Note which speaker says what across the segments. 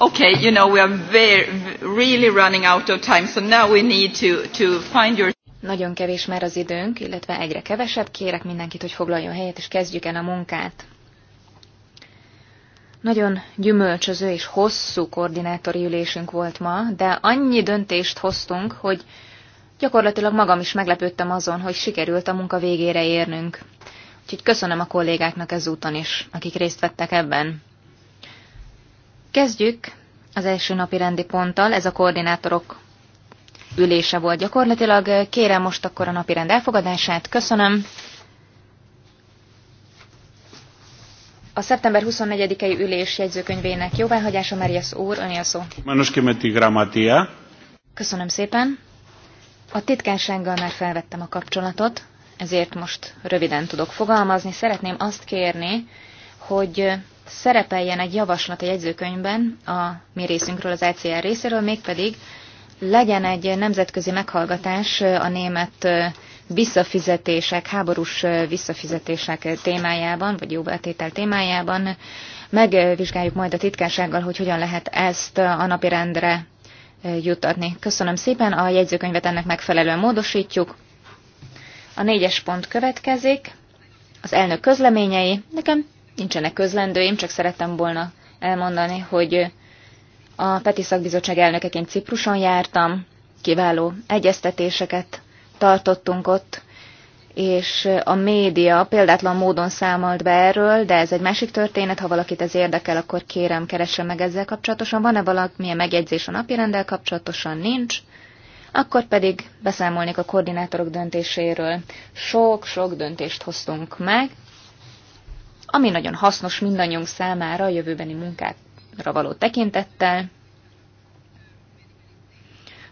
Speaker 1: Okay, you know, we are very, really running out of time, so now we need to, to find your... Nagyon kevés már az időnk, illetve egyre kevesebb. Kérek mindenkit, hogy foglaljon helyet, és kezdjük el a munkát. Nagyon gyümölcsöző és hosszú koordinátori ülésünk volt ma, de annyi döntést hoztunk, hogy gyakorlatilag magam is meglepődtem azon, hogy sikerült a munka végére érnünk. Úgyhogy köszönöm a kollégáknak ezúton is, akik részt vettek ebben. Kezdjük az első napi rendi ponttal, ez a koordinátorok ülése volt gyakorlatilag. Kérem most akkor a napi rend elfogadását, köszönöm. A szeptember 24-i ülés jegyzőkönyvének jóváhagyása, Marias úr, öné a szó. Köszönöm szépen. A titkársággal már felvettem a kapcsolatot, ezért most röviden tudok fogalmazni. Szeretném azt kérni, hogy szerepeljen egy javaslat a jegyzőkönyvben a mi részünkről, az ECR részéről, mégpedig legyen egy nemzetközi meghallgatás a német visszafizetések, háborús visszafizetések témájában, vagy jóbetétel témájában. Megvizsgáljuk majd a titkársággal, hogy hogyan lehet ezt a napi rendre juttatni. Köszönöm szépen, a jegyzőkönyvet ennek megfelelően módosítjuk. A négyes pont következik, az elnök közleményei. Nekem nincsenek közlendőim, csak szerettem volna elmondani, hogy a Peti Szakbizottság elnökeként Cipruson jártam, kiváló egyeztetéseket tartottunk ott, és a média példátlan módon számolt be erről, de ez egy másik történet, ha valakit ez érdekel, akkor kérem, keressen meg ezzel kapcsolatosan. Van-e valamilyen megjegyzés a napirendel kapcsolatosan? Nincs. Akkor pedig beszámolnék a koordinátorok döntéséről. Sok-sok döntést hoztunk meg, ami nagyon hasznos mindannyiunk számára a jövőbeni munkára való tekintettel.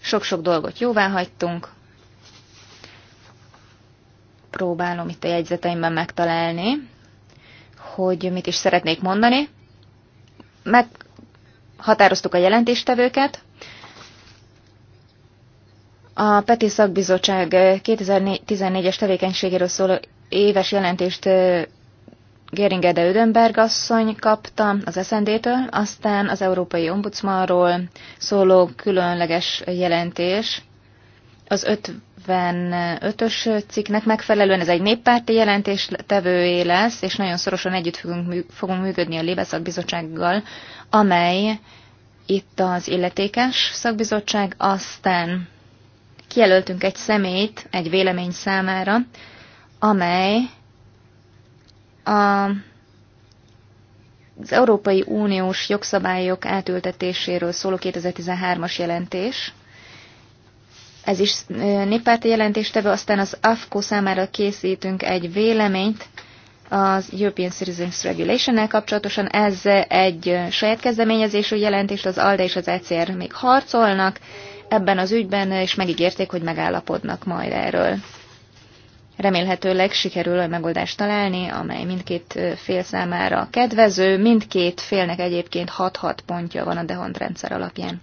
Speaker 1: Sok-sok dolgot jóvá hagytunk. Próbálom itt a jegyzeteimben megtalálni, hogy mit is szeretnék mondani. Meghatároztuk a jelentéstevőket, a Peti Szakbizottság 2014-es tevékenységéről szóló éves jelentést Géringede Üdenberg Ödenberg asszony kapta az SND-től, aztán az Európai Ombudsmanról szóló különleges jelentés. Az 55-ös cikknek megfelelően ez egy néppárti jelentés tevőé lesz, és nagyon szorosan együtt fogunk, fogunk működni a Lébeszak Bizottsággal, amely itt az illetékes szakbizottság, aztán kijelöltünk egy szemét egy vélemény számára, amely a az Európai Uniós jogszabályok átültetéséről szóló 2013-as jelentés. Ez is néppárti jelentéstevő, aztán az AFKO számára készítünk egy véleményt az European Citizens Regulation-nel kapcsolatosan. Ez egy saját kezdeményezésű jelentést, az ALDE és az ECR még harcolnak ebben az ügyben, és megígérték, hogy megállapodnak majd erről. Remélhetőleg sikerül olyan megoldást találni, amely mindkét fél számára kedvező, mindkét félnek egyébként 6-6 pontja van a Dehont rendszer alapján.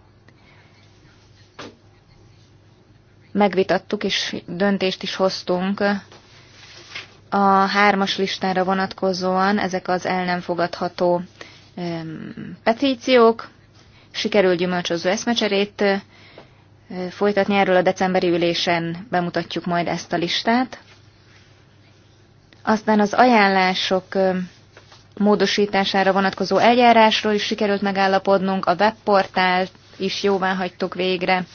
Speaker 1: Megvitattuk és döntést is hoztunk a hármas listára vonatkozóan ezek az el nem fogadható petíciók. Sikerül gyümölcsöző eszmecserét folytatni erről a decemberi ülésen bemutatjuk majd ezt a listát. Aztán az ajánlások módosítására vonatkozó eljárásról is sikerült megállapodnunk, a webportált is jóvá hagytuk végre.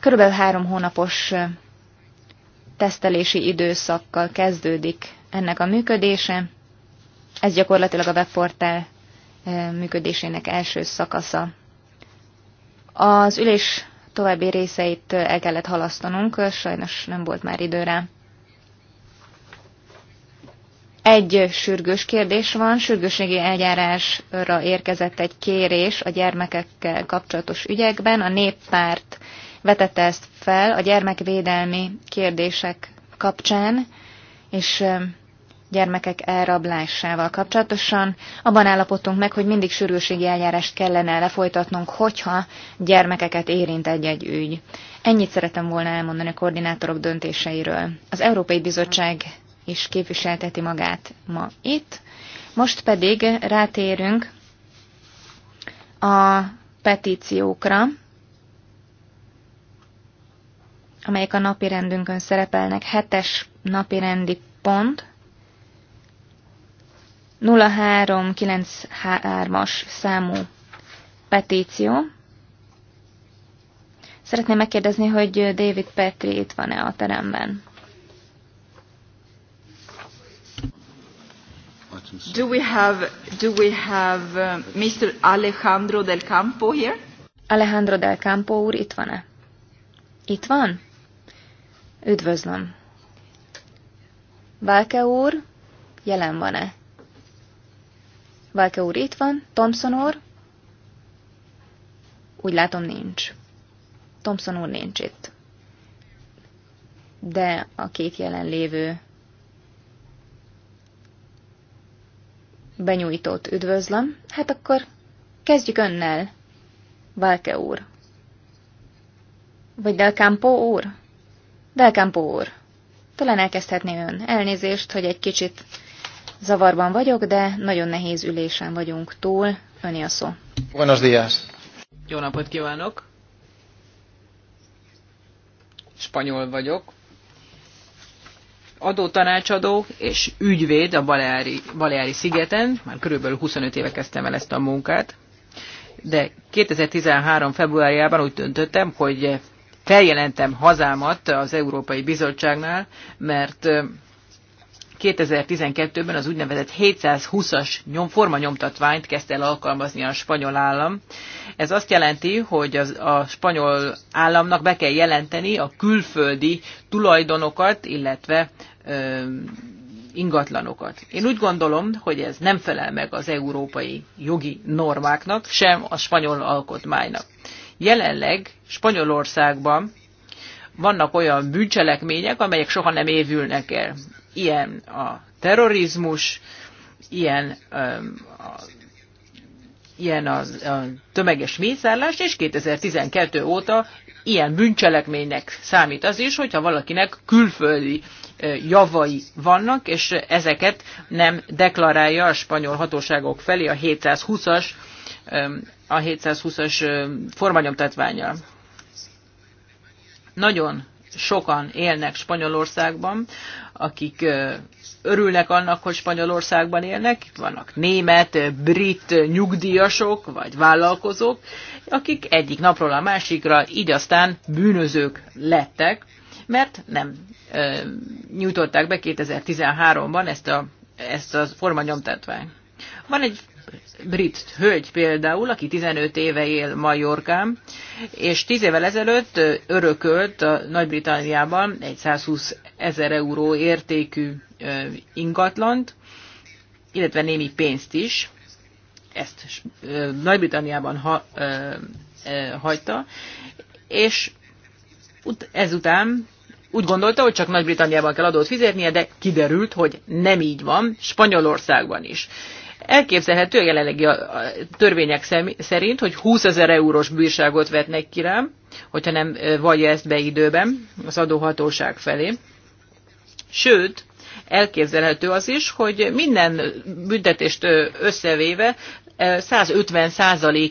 Speaker 1: Körülbelül három hónapos tesztelési időszakkal kezdődik ennek a működése. Ez gyakorlatilag a webportál működésének első szakasza. Az ülés további részeit el kellett halasztanunk, sajnos nem volt már idő rá. Egy sürgős kérdés van, sürgőségi eljárásra érkezett egy kérés a gyermekekkel kapcsolatos ügyekben. A néppárt vetette ezt fel a gyermekvédelmi kérdések kapcsán, és gyermekek elrablásával kapcsolatosan. Abban állapodtunk meg, hogy mindig sürgőségi eljárást kellene lefolytatnunk, hogyha gyermekeket érint egy-egy ügy. Ennyit szeretem volna elmondani a koordinátorok döntéseiről. Az Európai Bizottság is képviselteti magát ma itt. Most pedig rátérünk a petíciókra, amelyek a napi rendünkön szerepelnek. Hetes napi rendi pont. 0393-as számú petíció. Szeretném megkérdezni, hogy David Petri itt van-e a teremben. Do we have, do we have uh, Mr. Alejandro del Campo here? Alejandro del Campo úr itt van-e? Itt van? Üdvözlöm. Valke úr, jelen van-e? Valke úr itt van, Thompson úr? Úgy látom nincs. Thompson úr nincs itt. De a két jelenlévő benyújtót üdvözlöm. Hát akkor kezdjük önnel, Valke úr. Vagy Del Campo úr? Del Campo úr. Talán elkezdhetné ön. Elnézést, hogy egy kicsit zavarban vagyok, de nagyon nehéz ülésen vagyunk túl.
Speaker 2: Öni a szó.
Speaker 3: Buenos días.
Speaker 2: Jó napot kívánok. Spanyol vagyok adótanácsadó és ügyvéd a Baleári, Baleári szigeten, már körülbelül 25 éve kezdtem el ezt a munkát, de 2013. februárjában úgy döntöttem, hogy feljelentem hazámat az Európai Bizottságnál, mert 2012-ben az úgynevezett 720-as nyom, formanyomtatványt kezdte el alkalmazni a spanyol állam. Ez azt jelenti, hogy az, a spanyol államnak be kell jelenteni a külföldi tulajdonokat, illetve ö, ingatlanokat. Én úgy gondolom, hogy ez nem felel meg az európai jogi normáknak, sem a spanyol alkotmánynak. Jelenleg Spanyolországban vannak olyan bűncselekmények, amelyek soha nem évülnek el ilyen a terrorizmus, ilyen, a, ilyen a, a tömeges mészállás, és 2012 óta ilyen bűncselekménynek számít az is, hogyha valakinek külföldi javai vannak, és ezeket nem deklarálja a spanyol hatóságok felé a 720-as a 720-as formanyomtatványjal. Nagyon sokan élnek Spanyolországban, akik örülnek annak, hogy Spanyolországban élnek, vannak német, brit nyugdíjasok vagy vállalkozók, akik egyik napról a másikra így aztán bűnözők lettek, mert nem e, nyújtották be 2013-ban ezt a, ezt a formanyomtatványt. Van egy brit hölgy például, aki 15 éve él Majorkán, és 10 évvel ezelőtt örökölt a Nagy-Britanniában egy 120 ezer euró értékű ingatlant, illetve némi pénzt is. Ezt Nagy-Britanniában ha, hagyta, és ezután úgy gondolta, hogy csak Nagy-Britanniában kell adót fizetnie, de kiderült, hogy nem így van, Spanyolországban is. Elképzelhető a jelenlegi a törvények szerint, hogy 20 ezer eurós bírságot vetnek ki rám, hogyha nem vagy ezt be időben az adóhatóság felé. Sőt, elképzelhető az is, hogy minden büntetést összevéve 150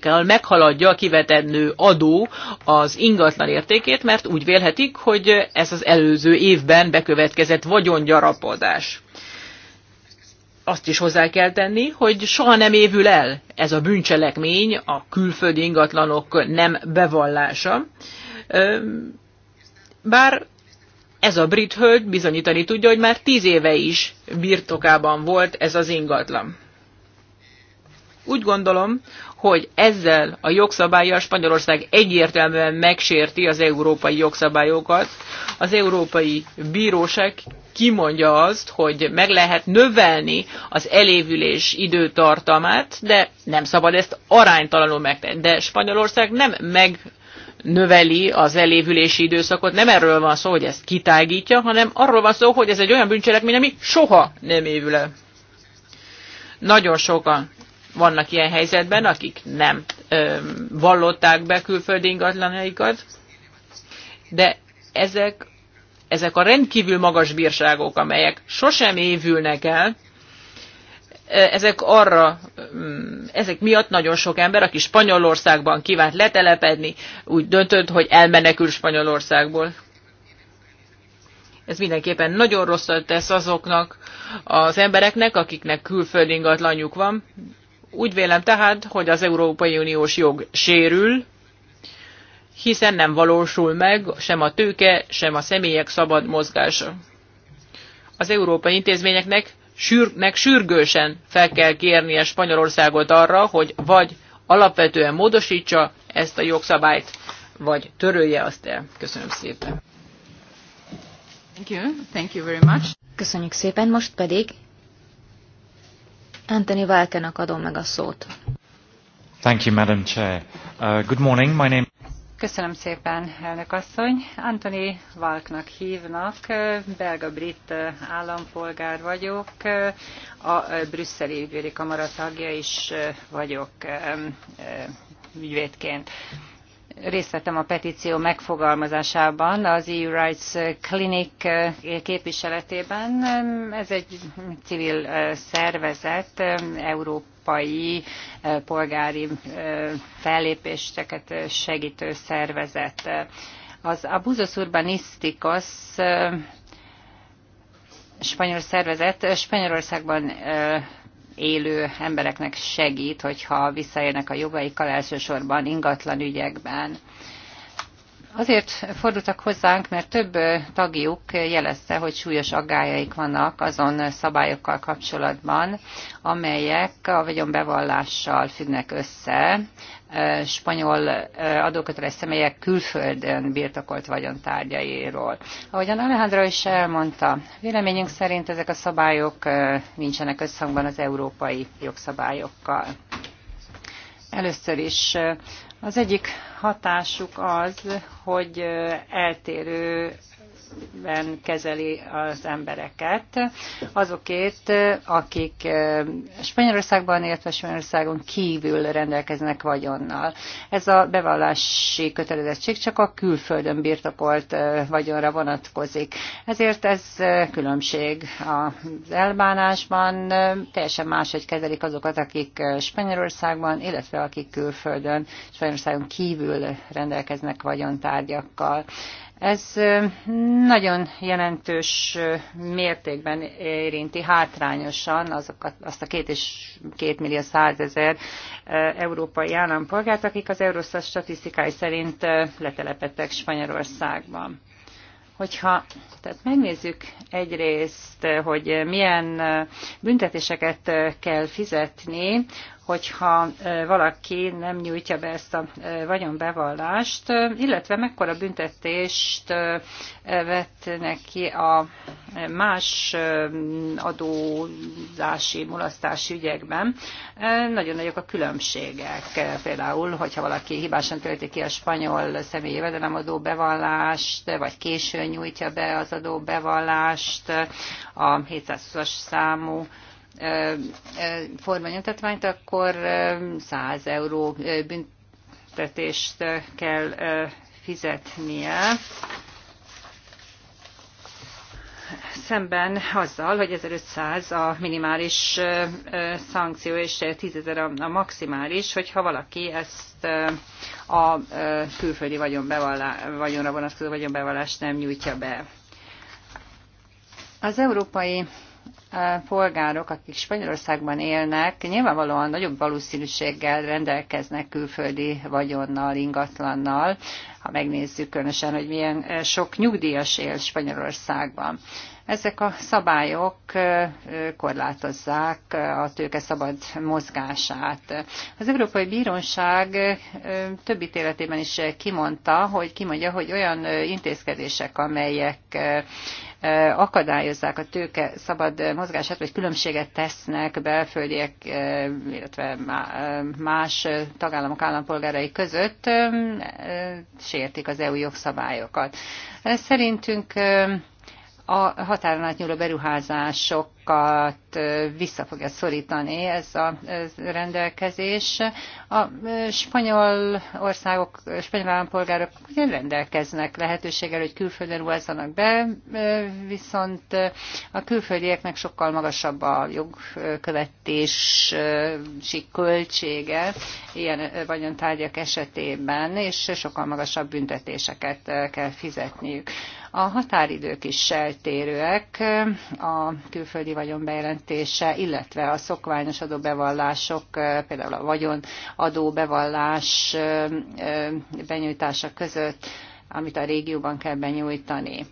Speaker 2: kal meghaladja a kivetendő adó az ingatlan értékét, mert úgy vélhetik, hogy ez az előző évben bekövetkezett vagyongyarapodás azt is hozzá kell tenni, hogy soha nem évül el ez a bűncselekmény, a külföldi ingatlanok nem bevallása. Bár ez a brit hölgy bizonyítani tudja, hogy már tíz éve is birtokában volt ez az ingatlan. Úgy gondolom, hogy ezzel a jogszabályjal Spanyolország egyértelműen megsérti az európai jogszabályokat. Az Európai Bíróság kimondja azt, hogy meg lehet növelni az elévülés időtartamát, de nem szabad ezt aránytalanul megtenni. De Spanyolország nem meg növeli az elévülési időszakot. Nem erről van szó, hogy ezt kitágítja, hanem arról van szó, hogy ez egy olyan bűncselekmény, ami soha nem évül el. Nagyon sokan vannak ilyen helyzetben, akik nem ö, vallották be külföldi ingatlanaikat, de ezek ezek a rendkívül magas bírságok, amelyek sosem évülnek el, e, ezek arra, mm, ezek miatt nagyon sok ember, aki Spanyolországban kívánt letelepedni, úgy döntött, hogy elmenekül Spanyolországból. Ez mindenképpen nagyon rosszat tesz azoknak az embereknek, akiknek külföldi ingatlanjuk van. Úgy vélem tehát, hogy az Európai Uniós jog sérül, hiszen nem valósul meg sem a tőke, sem a személyek szabad mozgása. Az európai intézményeknek sürnek sürgősen fel kell kérnie Spanyolországot arra, hogy vagy alapvetően módosítsa ezt a jogszabályt, vagy törölje azt el. Köszönöm szépen.
Speaker 1: Thank you. Thank you very much. Köszönjük szépen, most pedig Anthony Valkenak adom meg a szót.
Speaker 2: Thank you, Madam Chair. Uh, good morning, my name...
Speaker 1: Köszönöm szépen, elnök
Speaker 3: asszony. Antoni Valknak hívnak, belga-brit állampolgár vagyok, a brüsszeli ügyvédi kamara tagja is vagyok ügyvédként részt vettem a petíció megfogalmazásában az EU Rights Clinic képviseletében. Ez egy civil szervezet, Európa európai eh, polgári eh, fellépéseket eh, segítő szervezet. Az Abuzos Urbanisticos spanyol szervezet Spanyolországban élő embereknek segít, hogyha visszaérnek a jogaikkal elsősorban ingatlan ügyekben. Azért fordultak hozzánk, mert több tagjuk jelezte, hogy súlyos aggájaik vannak azon szabályokkal kapcsolatban, amelyek a vagyonbevallással függnek össze. Spanyol adóköteles személyek külföldön birtokolt vagyontárgyairól. Ahogyan Alejandro is elmondta, véleményünk szerint ezek a szabályok nincsenek összhangban az európai jogszabályokkal. Először is az egyik hatásuk az, hogy eltérő ben kezeli az embereket, azokért, akik eh, Spanyolországban, illetve Spanyolországon kívül rendelkeznek vagyonnal. Ez a bevallási kötelezettség csak a külföldön birtokolt eh, vagyonra vonatkozik. Ezért ez eh, különbség az elbánásban, teljesen máshogy kezelik azokat, akik Spanyolországban, illetve akik külföldön, Spanyolországon kívül rendelkeznek vagyontárgyakkal. Ez nagyon jelentős mértékben érinti hátrányosan azokat, azt a két és két millió százezer európai állampolgárt, akik az Eurostat statisztikái szerint letelepettek Spanyolországban. Hogyha tehát megnézzük egyrészt, hogy milyen büntetéseket kell fizetni hogyha valaki nem nyújtja be ezt a vagyonbevallást, illetve mekkora büntetést vett neki a más adózási, mulasztási ügyekben. Nagyon nagyok a különbségek. Például, hogyha valaki hibásan tölti ki a spanyol személyi jövedelem bevallást, vagy későn nyújtja be az adó bevallást a 720-as számú formanyomtatványt, akkor 100 euró büntetést kell fizetnie szemben azzal, hogy 1500 a minimális szankció és 10.000 a maximális, hogyha valaki ezt a külföldi vagyonra vonatkozó vagyonbevallást nem nyújtja be. Az európai polgárok, akik Spanyolországban élnek, nyilvánvalóan nagyobb valószínűséggel rendelkeznek külföldi vagyonnal, ingatlannal, ha megnézzük különösen, hogy milyen eh, sok nyugdíjas él Spanyolországban. Ezek a szabályok eh, eh, korlátozzák a tőke szabad mozgását. Az Európai Bíróság többi életében is kimondta, hogy kimondja, hogy olyan intézkedések, amelyek akadályozzák a tőke szabad mozgását, vagy különbséget tesznek belföldiek, illetve más tagállamok állampolgárai között, sértik az EU jogszabályokat. Szerintünk a határon átnyúló beruházásokat vissza fogja szorítani ez a rendelkezés. A spanyol országok, spanyol állampolgárok ugyan rendelkeznek lehetőséggel, hogy külföldön ruházzanak be, viszont a külföldieknek sokkal magasabb a jogkövetési költsége ilyen vagyontárgyak esetében, és sokkal magasabb büntetéseket kell fizetniük. A határidők is eltérőek eh, a külföldi vagyon bejelentése, illetve a szokványos adóbevallások, eh, például a vagyonadó bevallás eh, benyújtása között, amit a régióban kell benyújtani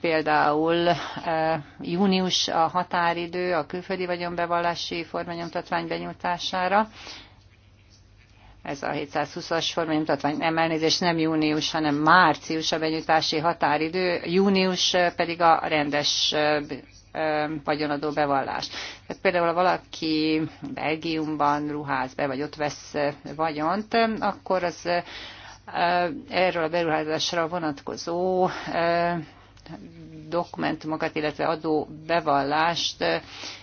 Speaker 3: például június a határidő a külföldi vagyonbevallási formanyomtatvány benyújtására, ez a 720-as formai mutatvány nem elnézés, nem június, hanem március a benyújtási határidő, június pedig a rendes vagyonadó bevallás. Tehát például, ha valaki Belgiumban ruház be, vagy ott vesz vagyont, akkor az erről a beruházásra vonatkozó dokumentumokat, illetve adó bevallást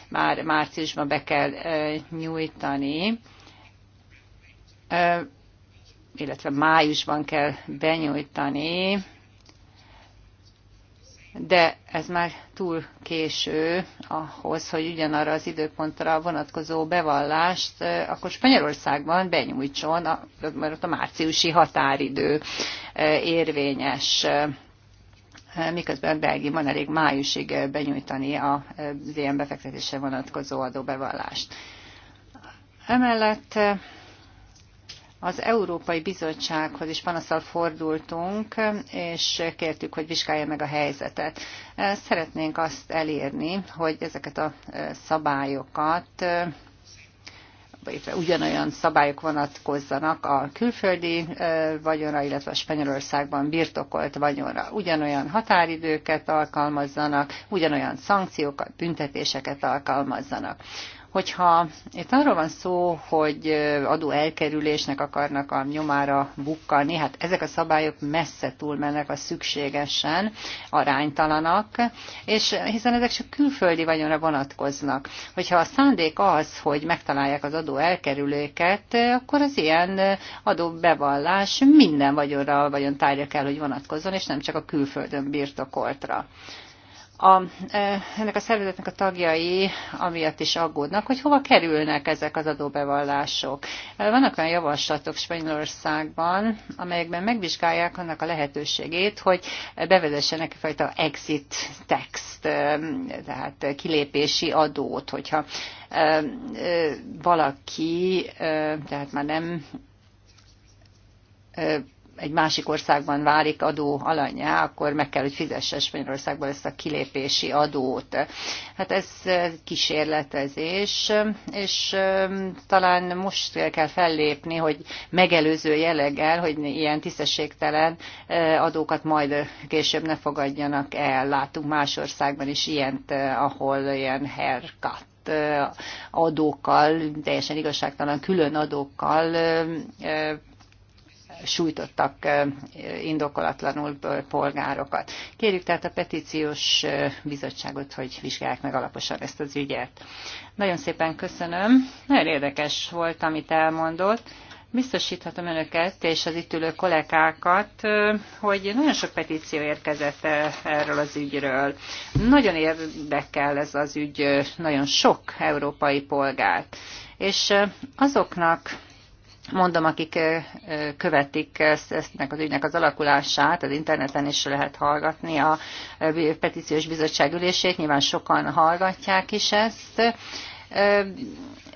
Speaker 3: már márciusban be kell nyújtani illetve májusban kell benyújtani, de ez már túl késő ahhoz, hogy ugyanarra az időpontra vonatkozó bevallást akkor Spanyolországban benyújtson, mert ott a márciusi határidő érvényes miközben Belgiumban elég májusig benyújtani az ilyen befektetése vonatkozó adóbevallást. Emellett az Európai Bizottsághoz is panaszal fordultunk, és kértük, hogy vizsgálja meg a helyzetet. Szeretnénk azt elérni, hogy ezeket a szabályokat ugyanolyan szabályok vonatkozzanak a külföldi vagyonra, illetve a Spanyolországban birtokolt vagyonra. Ugyanolyan határidőket alkalmazzanak, ugyanolyan szankciókat, büntetéseket alkalmazzanak. Hogyha itt arról van szó, hogy adó elkerülésnek akarnak a nyomára bukkanni, hát ezek a szabályok messze túlmennek a szükségesen, aránytalanak, és hiszen ezek csak külföldi vagyonra vonatkoznak. Hogyha a szándék az, hogy megtalálják az adó elkerülőket, akkor az ilyen adóbevallás minden vagyonra, vagyon tárgya kell, hogy vonatkozzon, és nem csak a külföldön birtokoltra a, e, ennek a szervezetnek a tagjai amiatt is aggódnak, hogy hova kerülnek ezek az adóbevallások. Vannak olyan javaslatok Spanyolországban, amelyekben megvizsgálják annak a lehetőségét, hogy bevezessenek egyfajta exit text, e, tehát kilépési adót, hogyha e, valaki, tehát már nem egy másik országban válik adó alanyá, akkor meg kell, hogy fizesse Spanyolországból ezt a kilépési adót. Hát ez kísérletezés, és um, talán most kell fellépni, hogy megelőző jeleggel, hogy ilyen tisztességtelen uh, adókat majd később ne fogadjanak el. Látunk más országban is ilyent, uh, ahol ilyen haircut uh, adókkal, teljesen igazságtalan külön adókkal um, sújtottak indokolatlanul polgárokat. Kérjük tehát a petíciós bizottságot, hogy vizsgálják meg alaposan ezt az ügyet. Nagyon szépen köszönöm. Nagyon érdekes volt, amit elmondott. Biztosíthatom önöket és az itt ülő kollégákat, hogy nagyon sok petíció érkezett erről az ügyről. Nagyon érdekel ez az ügy nagyon sok európai polgárt. És azoknak, mondom, akik követik ezt, eztnek az ügynek az alakulását, az interneten is lehet hallgatni a petíciós bizottság ülését, nyilván sokan hallgatják is ezt.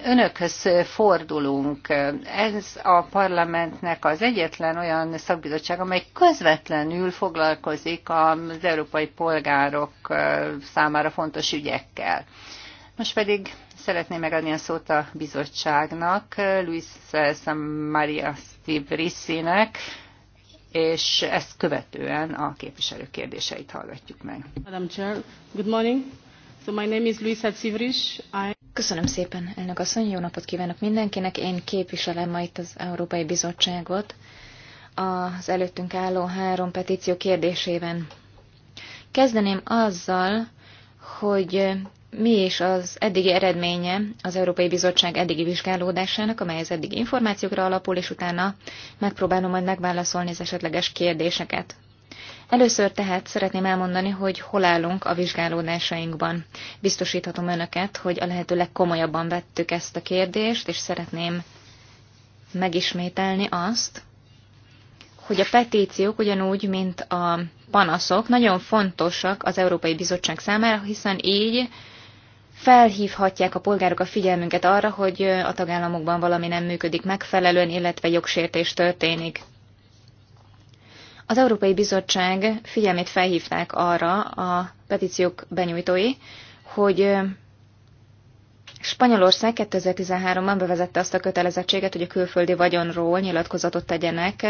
Speaker 3: Önökhöz fordulunk. Ez a parlamentnek az egyetlen olyan szakbizottság, amely közvetlenül foglalkozik az európai polgárok számára fontos ügyekkel. Most pedig Szeretném megadni a szót a bizottságnak, Luis Maria Stivrissinek, és ezt követően
Speaker 1: a képviselők kérdéseit hallgatjuk meg.
Speaker 2: Madam Chair, good morning. So my name
Speaker 1: is Luisa Civris. I... Köszönöm szépen, elnök asszony, jó napot kívánok mindenkinek. Én képviselem ma itt az Európai Bizottságot az előttünk álló három petíció kérdésében. Kezdeném azzal, hogy mi is az eddigi eredménye az Európai Bizottság eddigi vizsgálódásának, amely az eddigi információkra alapul, és utána megpróbálom majd megválaszolni az esetleges kérdéseket. Először tehát szeretném elmondani, hogy hol állunk a vizsgálódásainkban. Biztosíthatom önöket, hogy a lehető legkomolyabban vettük ezt a kérdést, és szeretném megismételni azt, hogy a petíciók ugyanúgy, mint a panaszok nagyon fontosak az Európai Bizottság számára, hiszen így felhívhatják a polgárok a figyelmünket arra, hogy a tagállamokban valami nem működik megfelelően, illetve jogsértés történik. Az Európai Bizottság figyelmét felhívták arra a petíciók benyújtói, hogy Spanyolország 2013-ban bevezette azt a kötelezettséget, hogy a külföldi vagyonról nyilatkozatot tegyenek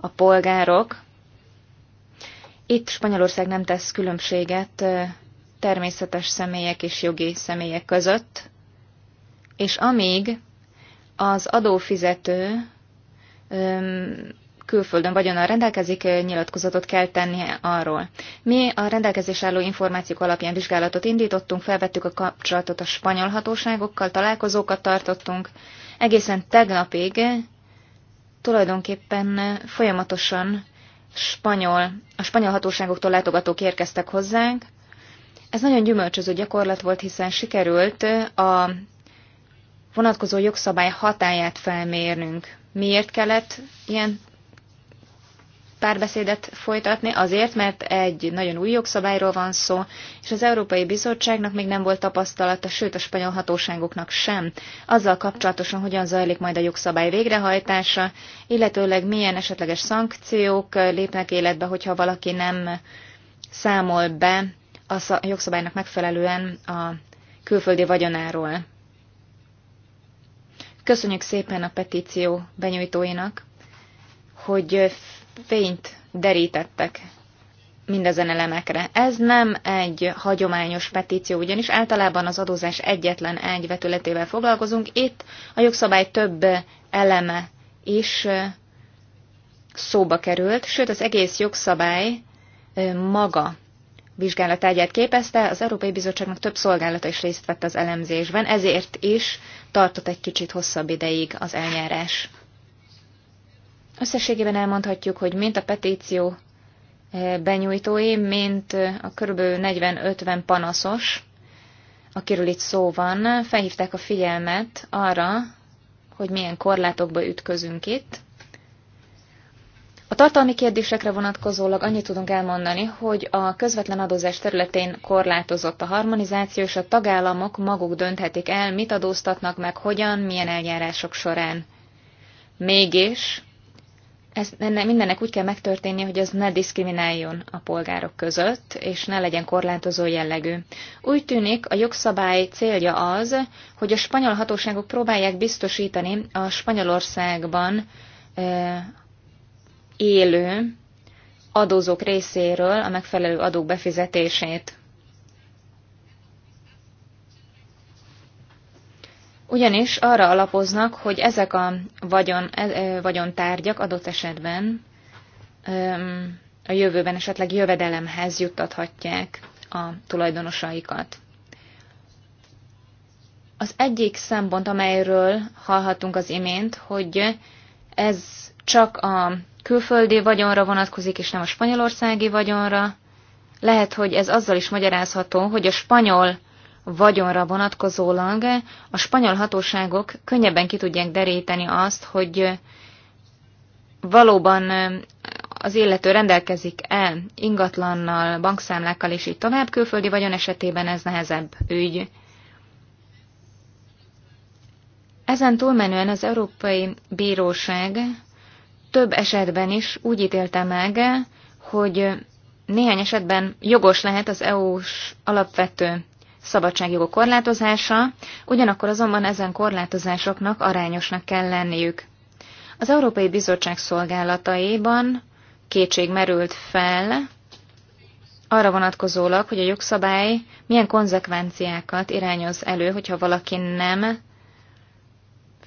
Speaker 1: a polgárok. Itt Spanyolország nem tesz különbséget természetes személyek és jogi személyek között, és amíg az adófizető külföldön vagyonnal rendelkezik, nyilatkozatot kell tennie arról. Mi a rendelkezés álló információk alapján vizsgálatot indítottunk, felvettük a kapcsolatot a spanyol hatóságokkal, találkozókat tartottunk. Egészen tegnapig tulajdonképpen folyamatosan spanyol, a spanyol hatóságoktól látogatók érkeztek hozzánk, ez nagyon gyümölcsöző gyakorlat volt, hiszen sikerült a vonatkozó jogszabály hatáját felmérnünk. Miért kellett ilyen párbeszédet folytatni? Azért, mert egy nagyon új jogszabályról van szó, és az Európai Bizottságnak még nem volt tapasztalata, sőt a spanyol hatóságoknak sem, azzal kapcsolatosan, hogyan zajlik majd a jogszabály végrehajtása, illetőleg milyen esetleges szankciók lépnek életbe, hogyha valaki nem számol be a jogszabálynak megfelelően a külföldi vagyonáról. Köszönjük szépen a petíció benyújtóinak, hogy fényt derítettek mindezen elemekre. Ez nem egy hagyományos petíció, ugyanis általában az adózás egyetlen egy vetületével foglalkozunk. Itt a jogszabály több eleme is szóba került, sőt az egész jogszabály maga vizsgálatágyát képezte, az Európai Bizottságnak több szolgálata is részt vett az elemzésben, ezért is tartott egy kicsit hosszabb ideig az eljárás. Összességében elmondhatjuk, hogy mint a petíció eh, benyújtói, mint eh, a kb. 40-50 panaszos, akiről itt szó van, felhívták a figyelmet arra, hogy milyen korlátokba ütközünk itt, a tartalmi kérdésekre vonatkozólag annyit tudunk elmondani, hogy a közvetlen adózás területén korlátozott a harmonizáció, és a tagállamok maguk dönthetik el, mit adóztatnak meg, hogyan, milyen eljárások során. Mégis ez, enne, mindennek úgy kell megtörténni, hogy ez ne diszkrimináljon a polgárok között, és ne legyen korlátozó jellegű. Úgy tűnik, a jogszabály célja az, hogy a spanyol hatóságok próbálják biztosítani a Spanyolországban eh, élő adózók részéről a megfelelő adók befizetését. Ugyanis arra alapoznak, hogy ezek a vagyon, e, e, vagyontárgyak adott esetben a jövőben esetleg jövedelemhez juttathatják a tulajdonosaikat. Az egyik szempont, amelyről hallhatunk az imént, hogy ez csak a külföldi vagyonra vonatkozik, és nem a spanyolországi vagyonra. Lehet, hogy ez azzal is magyarázható, hogy a spanyol vagyonra vonatkozólag a spanyol hatóságok könnyebben ki tudják deríteni azt, hogy valóban az illető rendelkezik-e ingatlannal, bankszámlákkal és így tovább, külföldi vagyon esetében ez nehezebb ügy. Ezen túlmenően az Európai Bíróság több esetben is úgy ítélte meg, hogy néhány esetben jogos lehet az EU-s alapvető szabadságjogok korlátozása, ugyanakkor azonban ezen korlátozásoknak arányosnak kell lenniük. Az Európai Bizottság szolgálataiban kétség merült fel, arra vonatkozólag, hogy a jogszabály milyen konzekvenciákat irányoz elő, hogyha valaki nem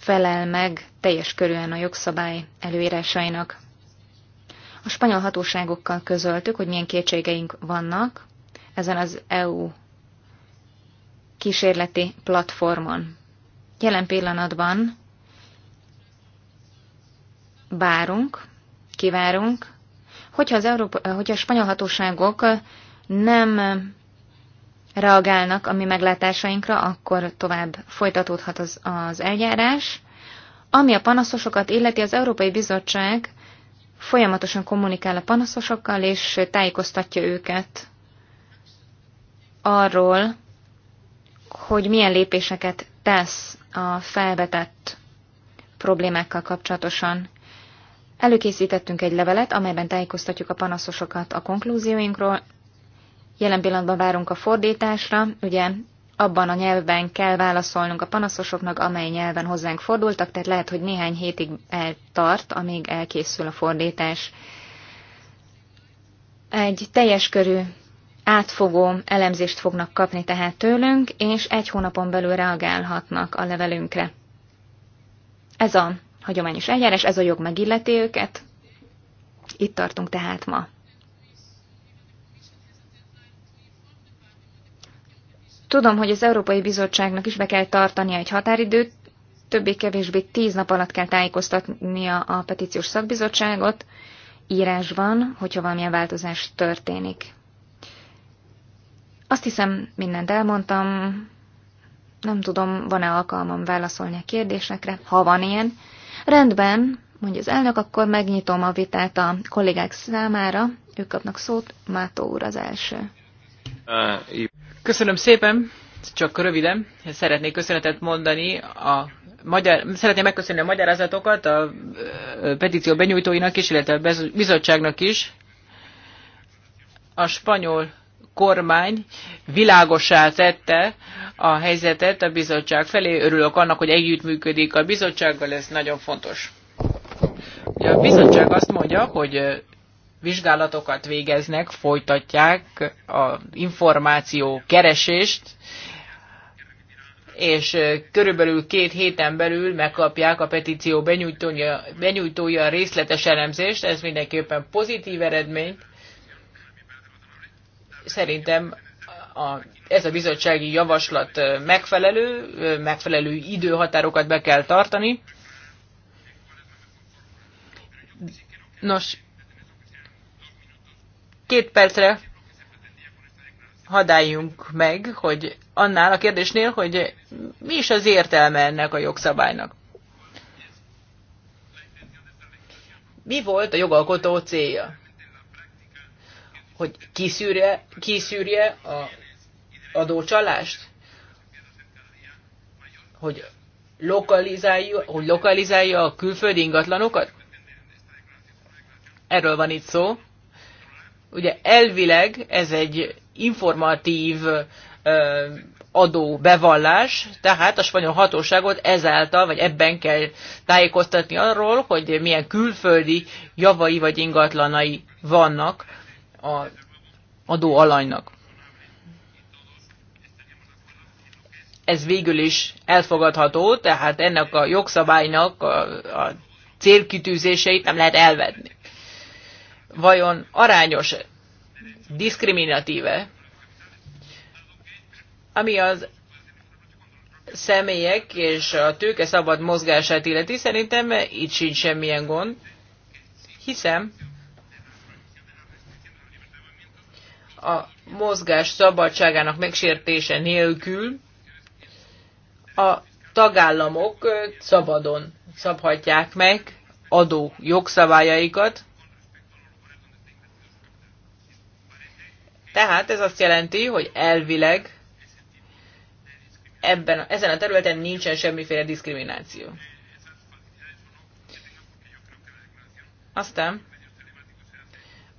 Speaker 1: felel meg teljes körűen a jogszabály előírásainak. A spanyol hatóságokkal közöltük, hogy milyen kétségeink vannak ezen az EU kísérleti platformon. Jelen pillanatban várunk, kivárunk, hogyha, az Európa, hogyha a spanyol hatóságok nem reagálnak a mi meglátásainkra, akkor tovább folytatódhat az, az eljárás. Ami a panaszosokat illeti, az Európai Bizottság folyamatosan kommunikál a panaszosokkal, és tájékoztatja őket arról, hogy milyen lépéseket tesz a felvetett problémákkal kapcsolatosan. Előkészítettünk egy levelet, amelyben tájékoztatjuk a panaszosokat a konklúzióinkról, Jelen pillanatban várunk a fordításra, ugye abban a nyelven kell válaszolnunk a panaszosoknak, amely nyelven hozzánk fordultak, tehát lehet, hogy néhány hétig eltart, amíg elkészül a fordítás. Egy teljes körű átfogó elemzést fognak kapni tehát tőlünk, és egy hónapon belül reagálhatnak a levelünkre. Ez a hagyományos eljárás, ez a jog megilleti őket. Itt tartunk tehát ma. Tudom, hogy az Európai Bizottságnak is be kell tartania egy határidőt, többé-kevésbé tíz nap alatt kell tájékoztatnia a petíciós szakbizottságot írásban, hogyha valamilyen változás történik. Azt hiszem, mindent elmondtam. Nem tudom, van-e alkalmam válaszolni a kérdésekre, ha van ilyen. Rendben, mondja az elnök, akkor megnyitom a vitát a kollégák számára. Ők kapnak szót, Mátó úr az első.
Speaker 2: Uh, Köszönöm szépen, csak röviden. Szeretnék köszönetet mondani a magyar, szeretném megköszönni a magyarázatokat a petíció benyújtóinak is, illetve a bizottságnak is. A spanyol kormány világosá tette a helyzetet a bizottság felé. Örülök annak, hogy együttműködik a bizottsággal, ez nagyon fontos. A bizottság azt mondja, hogy vizsgálatokat végeznek, folytatják az információ keresést, és körülbelül két héten belül megkapják a petíció benyújtója, benyújtója a részletes elemzést, ez mindenképpen pozitív eredmény. Szerintem a, ez a bizottsági javaslat megfelelő, megfelelő időhatárokat be kell tartani. Nos, két percre hadáljunk meg, hogy annál a kérdésnél, hogy mi is az értelme ennek a jogszabálynak. Mi volt a jogalkotó célja? Hogy kiszűrje, kiszűrje a adócsalást? Hogy lokalizálja, hogy lokalizálja a külföldi ingatlanokat? Erről van itt szó. Ugye elvileg ez egy informatív adó bevallás, tehát a spanyol hatóságot ezáltal, vagy ebben kell tájékoztatni arról, hogy milyen külföldi javai vagy ingatlanai vannak az adó alanynak. Ez végül is elfogadható, tehát ennek a jogszabálynak a, a célkitűzéseit nem lehet elvedni vajon arányos, diszkriminatíve, ami az személyek és a tőke szabad mozgását illeti, szerintem itt sincs semmilyen gond. Hiszem, a mozgás szabadságának megsértése nélkül a tagállamok szabadon szabhatják meg adó jogszabályaikat, Tehát ez azt jelenti, hogy elvileg ebben, ezen a területen nincsen semmiféle diszkrimináció. Aztán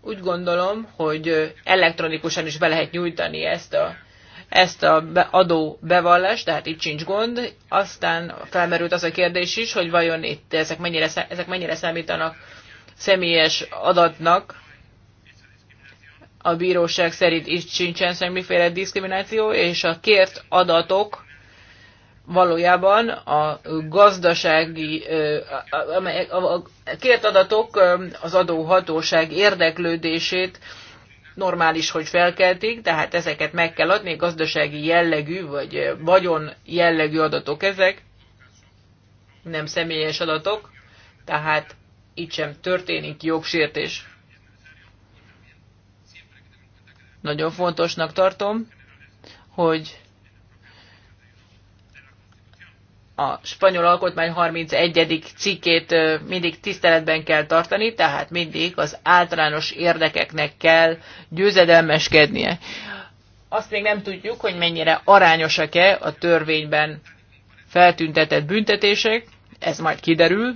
Speaker 2: úgy gondolom, hogy elektronikusan is be lehet nyújtani ezt a ezt a be, adó bevallást, tehát itt sincs gond. Aztán felmerült az a kérdés is, hogy vajon itt ezek mennyire, ezek mennyire számítanak személyes adatnak, a bíróság szerint is sincsen semmiféle diszkrimináció, és a kért adatok valójában a gazdasági, a kért adatok az adóhatóság érdeklődését normális, hogy felkeltik, tehát ezeket meg kell adni, gazdasági jellegű vagy vagyon jellegű adatok ezek, nem személyes adatok, tehát itt sem történik jogsértés. Nagyon fontosnak tartom, hogy a spanyol alkotmány 31. cikkét mindig tiszteletben kell tartani, tehát mindig az általános érdekeknek kell győzedelmeskednie. Azt még nem tudjuk, hogy mennyire arányosak-e a törvényben feltüntetett büntetések, ez majd kiderül,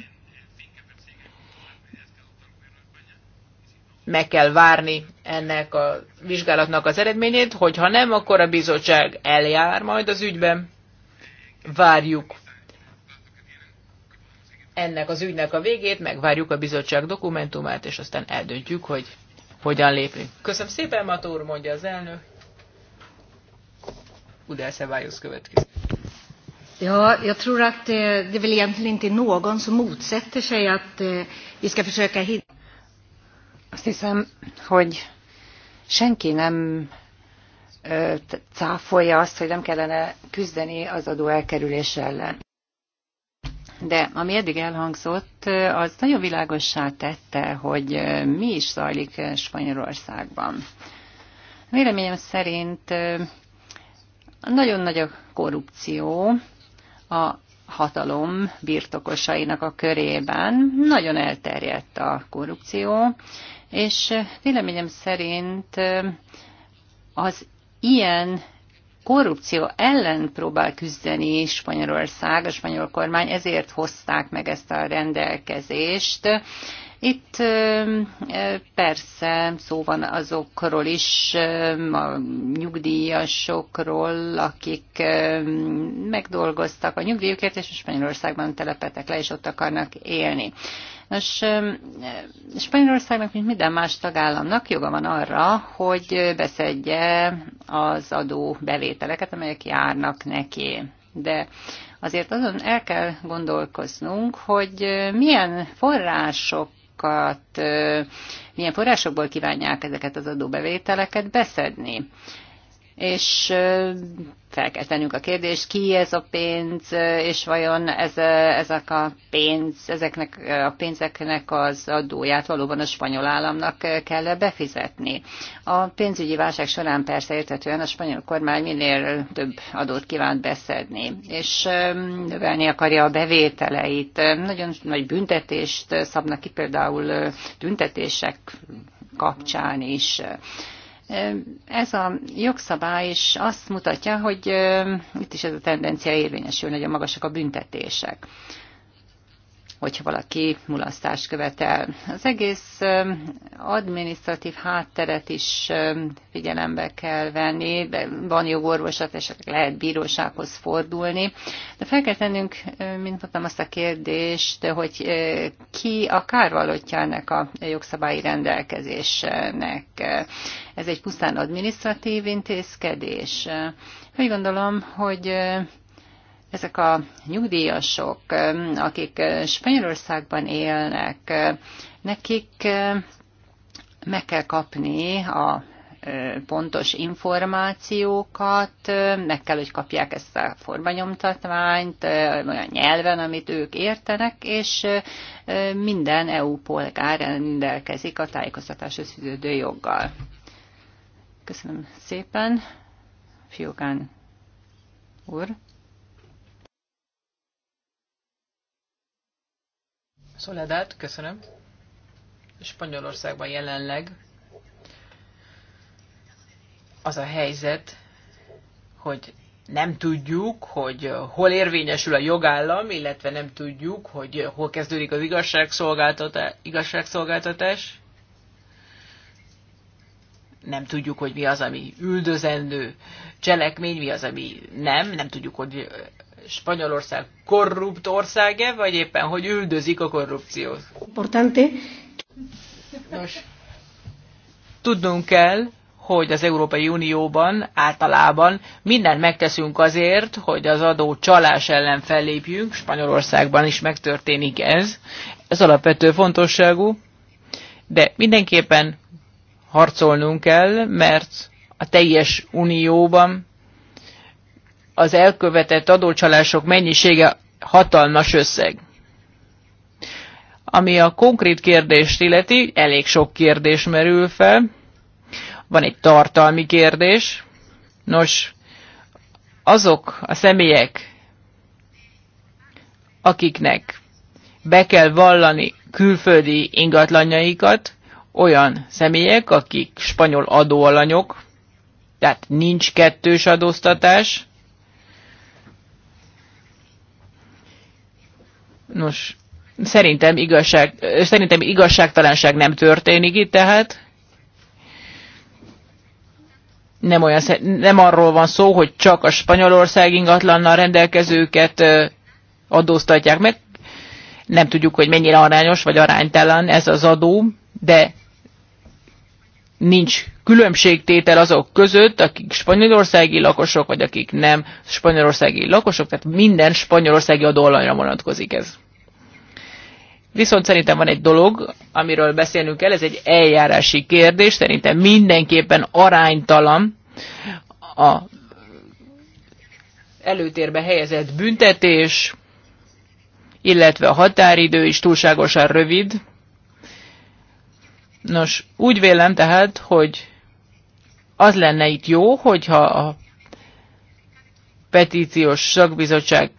Speaker 2: meg kell várni ennek a vizsgálatnak az eredményét, hogyha nem, akkor a bizottság eljár majd az ügyben. Várjuk ennek az ügynek a végét, megvárjuk a bizottság dokumentumát, és aztán eldöntjük, hogy hogyan lépni. Köszönöm szépen, Matúr, mondja az elnök. Udelsevályos következik.
Speaker 1: Ja, jag tror att eh, det, är väl egentligen inte någon som motsätter
Speaker 3: sig att eh, vi ska försöka hitta azt hiszem, hogy senki nem cáfolja azt, hogy nem kellene küzdeni az adó elkerülés ellen. De ami eddig elhangzott, az nagyon világossá tette, hogy mi is zajlik Spanyolországban. Véleményem szerint nagyon nagy a korrupció a hatalom birtokosainak a körében. Nagyon elterjedt a korrupció, és véleményem szerint az ilyen korrupció ellen próbál küzdeni Spanyolország, a spanyol kormány, ezért hozták meg ezt a rendelkezést, itt persze szó van azokról is, a nyugdíjasokról, akik megdolgoztak a nyugdíjukért, és Spanyolországban telepetek le, és ott akarnak élni. Nos, Spanyolországnak, mint minden más tagállamnak joga van arra, hogy beszedje az adó bevételeket, amelyek járnak neki. De azért azon el kell gondolkoznunk, hogy milyen források adókat, milyen forrásokból kívánják ezeket az adóbevételeket beszedni és fel kell tennünk a kérdést, ki ez a pénz, és vajon ez, ezek a pénz, ezeknek a pénzeknek az adóját valóban a spanyol államnak kell -e befizetni. A pénzügyi válság során persze értetően a spanyol kormány minél több adót kívánt beszedni, és növelni akarja a bevételeit. Nagyon nagy büntetést szabnak ki például tüntetések kapcsán is. Ez a jogszabály is azt mutatja, hogy itt is ez a tendencia érvényesül, nagyon magasak a büntetések hogyha valaki mulasztást követel. Az egész um, adminisztratív hátteret is um, figyelembe kell venni, van jogorvoslat, esetleg lehet bírósághoz fordulni, de fel kell tennünk, mint mondtam, azt a kérdést, hogy ki a kárvalótja ennek a jogszabályi rendelkezésnek. Ez egy pusztán adminisztratív intézkedés. Úgy gondolom, hogy ezek a nyugdíjasok, akik Spanyolországban élnek, nekik meg kell kapni a pontos információkat, meg kell, hogy kapják ezt a formanyomtatványt olyan nyelven, amit ők értenek, és minden EU polgár rendelkezik a tájékoztatáshoz fűződő joggal. Köszönöm szépen, Fiókán úr.
Speaker 2: Soledad, köszönöm. Spanyolországban jelenleg az a helyzet, hogy nem tudjuk, hogy hol érvényesül a jogállam, illetve nem tudjuk, hogy hol kezdődik az igazságszolgáltatás. igazságszolgáltatás. Nem tudjuk, hogy mi az, ami üldözendő cselekmény, mi az, ami nem. Nem tudjuk, hogy Spanyolország korrupt országe, vagy éppen, hogy üldözik a korrupciót? Importante. Nos, tudnunk kell, hogy az Európai Unióban általában mindent megteszünk azért, hogy az adó csalás ellen fellépjünk, Spanyolországban is megtörténik ez. Ez alapvető fontosságú, de mindenképpen harcolnunk kell, mert a teljes unióban az elkövetett adócsalások mennyisége hatalmas összeg. Ami a konkrét kérdést illeti, elég sok kérdés merül fel. Van egy tartalmi kérdés. Nos, azok a személyek, akiknek be kell vallani külföldi ingatlanjaikat, olyan személyek, akik spanyol adóalanyok, tehát nincs kettős adóztatás, Nos, szerintem, igazság, szerintem igazságtalanság nem történik itt, tehát nem, olyan, nem arról van szó, hogy csak a Spanyolország ingatlannal rendelkezőket adóztatják meg. Nem tudjuk, hogy mennyire arányos vagy aránytalan ez az adó, de nincs különbségtétel azok között, akik spanyolországi lakosok, vagy akik nem spanyolországi lakosok, tehát minden spanyolországi adóalanyra vonatkozik ez. Viszont szerintem van egy dolog, amiről beszélnünk kell, ez egy eljárási kérdés, szerintem mindenképpen aránytalan a előtérbe helyezett büntetés, illetve a határidő is túlságosan rövid, Nos, úgy vélem tehát, hogy az lenne itt jó, hogyha a petíciós szakbizottság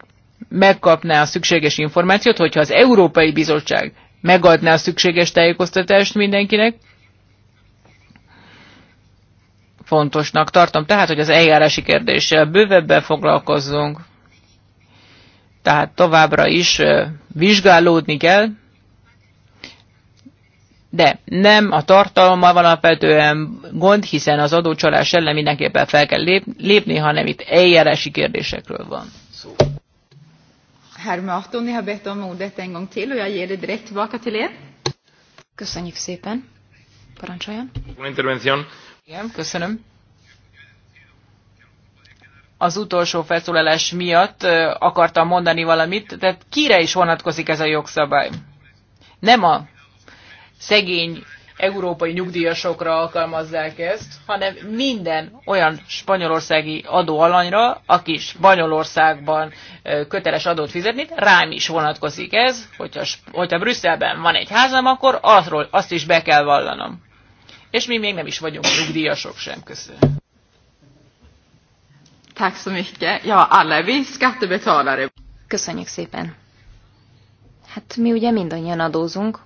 Speaker 2: megkapná a szükséges információt, hogyha az Európai Bizottság megadná a szükséges tájékoztatást mindenkinek. Fontosnak tartom tehát, hogy az eljárási kérdéssel bővebben foglalkozzunk. Tehát továbbra is vizsgálódni kell, de nem a tartalommal van alapvetően gond, hiszen az adócsalás ellen mindenképpen fel kell lép, lépni, hanem itt eljárási kérdésekről van szó.
Speaker 1: Herr Marton, ni har bett om direkt
Speaker 2: tillbaka Köszönjük szépen. Parancsoljon. Intervención. Igen, köszönöm. Az utolsó felszólalás miatt akartam mondani valamit, tehát kire is vonatkozik ez a jogszabály? Nem a szegény európai nyugdíjasokra alkalmazzák ezt, hanem minden olyan spanyolországi adóalanyra, aki Spanyolországban köteles adót fizetni, rám is vonatkozik ez, hogyha, hogyha Brüsszelben van egy házam, akkor azról azt is be kell vallanom. És mi még nem is vagyunk nyugdíjasok sem, köszönöm. Tack så mycket. Ja, alla
Speaker 1: är vi skattebetalare. Köszönjük szépen. Hát mi ugye mindannyian adózunk,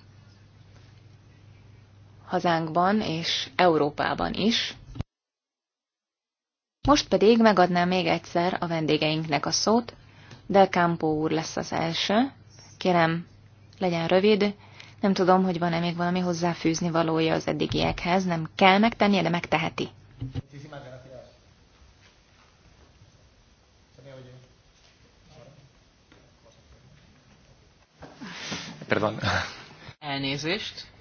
Speaker 1: hazánkban és Európában is. Most pedig megadnám még egyszer a vendégeinknek a szót. Del Campo úr lesz az első. Kérem, legyen rövid. Nem tudom, hogy van-e még valami hozzáfűzni valója az eddigiekhez. Nem kell megtennie, de megteheti.
Speaker 2: Perdón. Elnézést.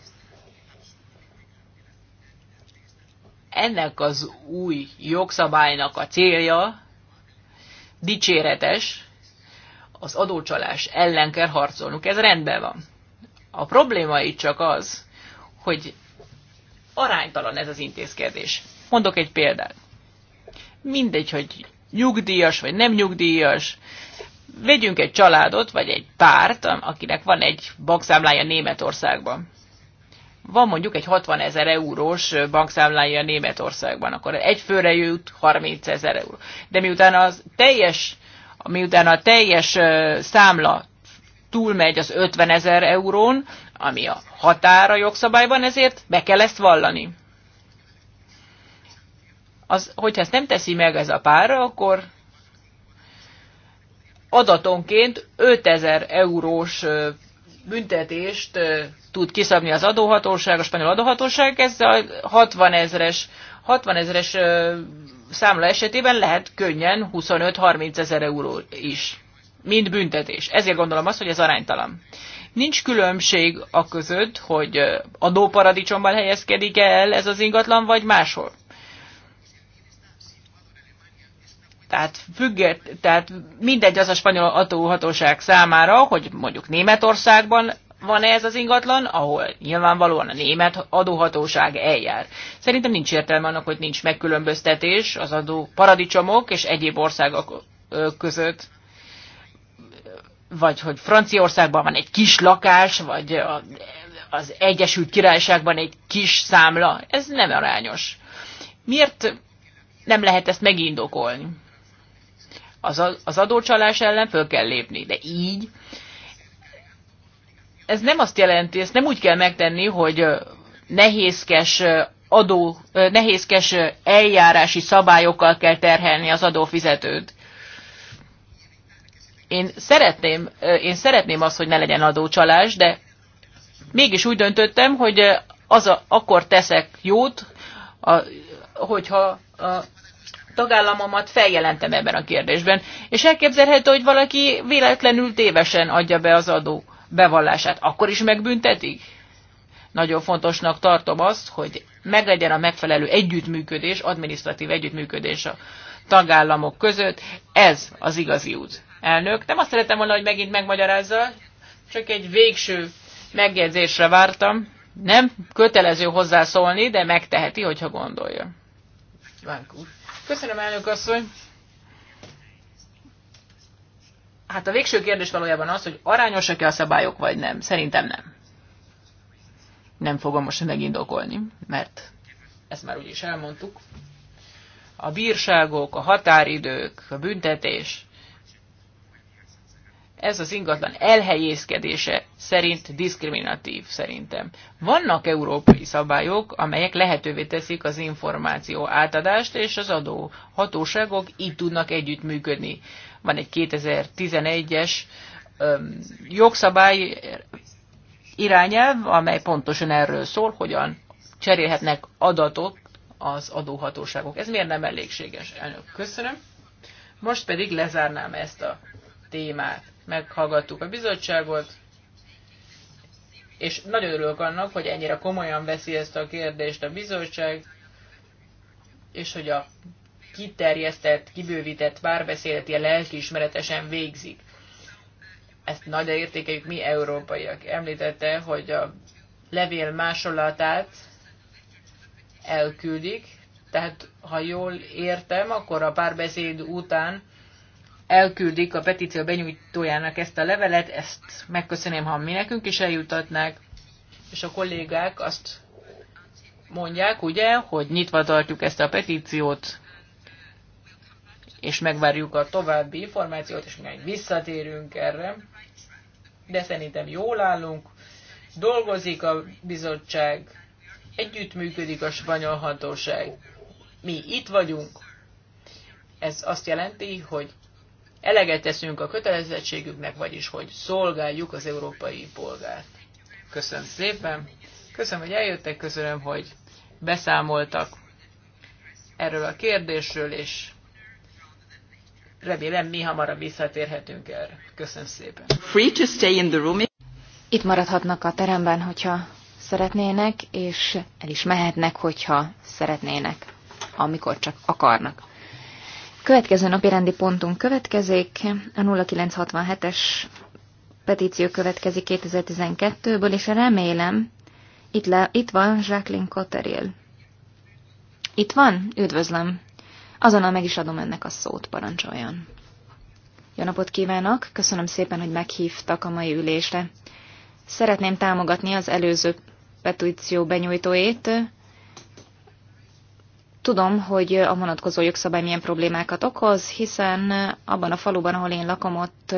Speaker 2: ennek az új jogszabálynak a célja dicséretes, az adócsalás ellen kell harcolnunk. Ez rendben van. A probléma itt csak az, hogy aránytalan ez az intézkedés. Mondok egy példát. Mindegy, hogy nyugdíjas vagy nem nyugdíjas, vegyünk egy családot, vagy egy párt, akinek van egy bankszámlája Németországban van mondjuk egy 60 ezer eurós bankszámlája Németországban, akkor egy főre jut 30 ezer euró. De miután az teljes, miután a teljes számla túlmegy az 50 ezer eurón, ami a határa jogszabályban, ezért be kell ezt vallani. Az, hogyha ezt nem teszi meg ez a pár, akkor adatonként 5000 eurós büntetést tud kiszabni az adóhatóság, a spanyol adóhatóság, ez a 60 ezres, 60 ezres számla esetében lehet könnyen 25-30 ezer euró is, mint büntetés. Ezért gondolom azt, hogy ez aránytalan. Nincs különbség a között, hogy adóparadicsomban helyezkedik el ez az ingatlan, vagy máshol. Tehát, függet, tehát mindegy az a spanyol adóhatóság számára, hogy mondjuk Németországban van -e ez az ingatlan, ahol nyilvánvalóan a német adóhatóság eljár. Szerintem nincs értelme annak, hogy nincs megkülönböztetés az adó paradicsomok és egyéb országok között. Vagy hogy Franciaországban van egy kis lakás, vagy az Egyesült Királyságban egy kis számla. Ez nem arányos. Miért nem lehet ezt megindokolni? az, az adócsalás ellen föl kell lépni. De így, ez nem azt jelenti, ezt nem úgy kell megtenni, hogy nehézkes adó, nehézkes eljárási szabályokkal kell terhelni az adófizetőt. Én szeretném, én szeretném azt, hogy ne legyen adócsalás, de mégis úgy döntöttem, hogy az a, akkor teszek jót, a, hogyha a tagállamomat feljelentem ebben a kérdésben, és elképzelhető, hogy valaki véletlenül tévesen adja be az adó bevallását. Akkor is megbüntetik? Nagyon fontosnak tartom azt, hogy meglegyen a megfelelő együttműködés, adminisztratív együttműködés a tagállamok között. Ez az igazi út. Elnök, nem azt szeretem volna, hogy megint megmagyarázza, csak egy végső megjegyzésre vártam. Nem kötelező hozzászólni, de megteheti, hogyha gondolja. Vánk úr. Köszönöm, elnök asszony. Hát a végső kérdés valójában az, hogy arányosak-e a szabályok, vagy nem. Szerintem nem. Nem fogom most megindokolni, mert ezt már úgyis elmondtuk. A bírságok, a határidők, a büntetés, ez az ingatlan elhelyészkedése szerint diszkriminatív szerintem. Vannak európai szabályok, amelyek lehetővé teszik az információ átadást, és az adó hatóságok így tudnak együttműködni. Van egy 2011-es jogszabály irányelv, amely pontosan erről szól, hogyan cserélhetnek adatot az adóhatóságok. Ez miért nem elégséges, elnök? Köszönöm. Most pedig lezárnám ezt a témát meghallgattuk a bizottságot, és nagyon örülök annak, hogy ennyire komolyan veszi ezt a kérdést a bizottság, és hogy a kiterjesztett, kibővített párbeszédet ilyen lelkiismeretesen végzik. Ezt nagy értékeljük mi európaiak. Említette, hogy a levél másolatát elküldik, tehát ha jól értem, akkor a párbeszéd után elküldik a petíció benyújtójának ezt a levelet, ezt megköszönném, ha mi nekünk is eljutatnák, és a kollégák azt mondják, ugye, hogy nyitva tartjuk ezt a petíciót, és megvárjuk a további információt, és majd visszatérünk erre. De szerintem jól állunk, dolgozik a bizottság, együttműködik a spanyol hatóság. Mi itt vagyunk, ez azt jelenti, hogy eleget teszünk a kötelezettségüknek, vagyis hogy szolgáljuk az európai polgárt. Köszönöm szépen, köszönöm, hogy eljöttek, köszönöm, hogy beszámoltak erről a kérdésről, és remélem mi hamarabb visszatérhetünk erre. Köszönöm szépen.
Speaker 1: Free to stay in the room. Itt maradhatnak a teremben, hogyha szeretnének, és el is mehetnek, hogyha szeretnének, amikor csak akarnak. Következő napi rendi pontunk következik, a 0967-es petíció következik 2012-ből, és remélem, itt, le, itt van Jacqueline Cotteril. Itt van? Üdvözlöm. Azonnal meg is adom ennek a szót, parancsoljon. Jó napot kívánok, köszönöm szépen, hogy meghívtak a mai ülésre. Szeretném támogatni az előző petíció benyújtóét, Tudom, hogy a vonatkozó jogszabály milyen problémákat okoz, hiszen abban a faluban, ahol én lakom, ott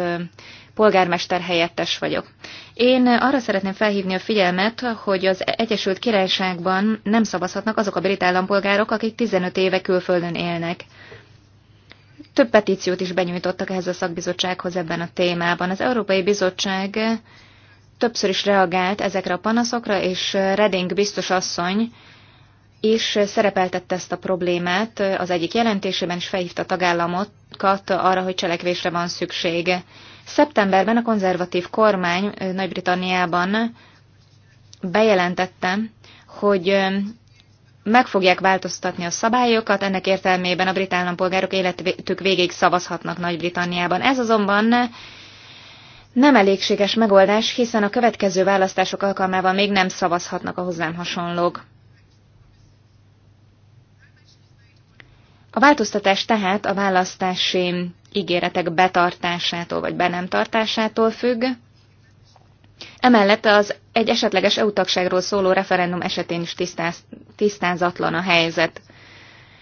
Speaker 1: polgármester helyettes vagyok. Én arra szeretném felhívni a figyelmet, hogy az Egyesült Királyságban nem szavazhatnak azok a brit állampolgárok, akik 15 éve külföldön élnek. Több petíciót is benyújtottak ehhez a szakbizottsághoz ebben a témában. Az Európai Bizottság többször is reagált ezekre a panaszokra, és Reding biztos asszony is szerepeltette ezt a problémát az egyik jelentésében, és felhívta tagállamokat arra, hogy cselekvésre van szüksége. Szeptemberben a konzervatív kormány Nagy-Britanniában bejelentette, hogy meg fogják változtatni a szabályokat, ennek értelmében a brit állampolgárok életük végéig szavazhatnak Nagy-Britanniában. Ez azonban nem elégséges megoldás, hiszen a következő választások alkalmával még nem szavazhatnak a hozzám hasonlók. A változtatás tehát a választási ígéretek betartásától vagy be nem tartásától függ, Emellett az egy esetleges eu szóló referendum esetén is tisztáz, tisztázatlan a helyzet.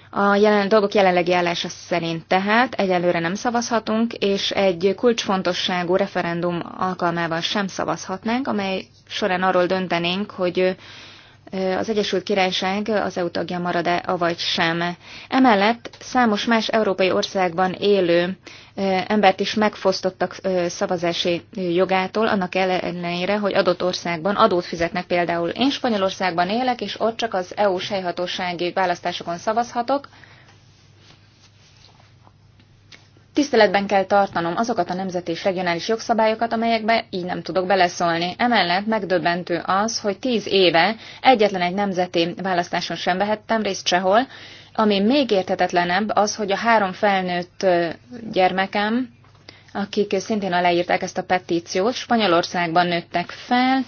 Speaker 1: A jelen, dolgok jelenlegi állása szerint tehát egyelőre nem szavazhatunk, és egy kulcsfontosságú referendum alkalmával sem szavazhatnánk, amely során arról döntenénk, hogy az Egyesült Királyság az EU tagja marad-e, avagy sem. Emellett számos más európai országban élő embert is megfosztottak szavazási jogától, annak ellenére, hogy adott országban adót fizetnek például. Én Spanyolországban élek, és ott csak az EU-s helyhatósági választásokon szavazhatok, Tiszteletben kell tartanom azokat a nemzeti és regionális jogszabályokat, amelyekbe így nem tudok beleszólni. Emellett megdöbbentő az, hogy tíz éve egyetlen egy nemzeti választáson sem vehettem részt sehol, ami még értetetlenebb az, hogy a három felnőtt gyermekem, akik szintén aláírták ezt a petíciót, Spanyolországban nőttek fel,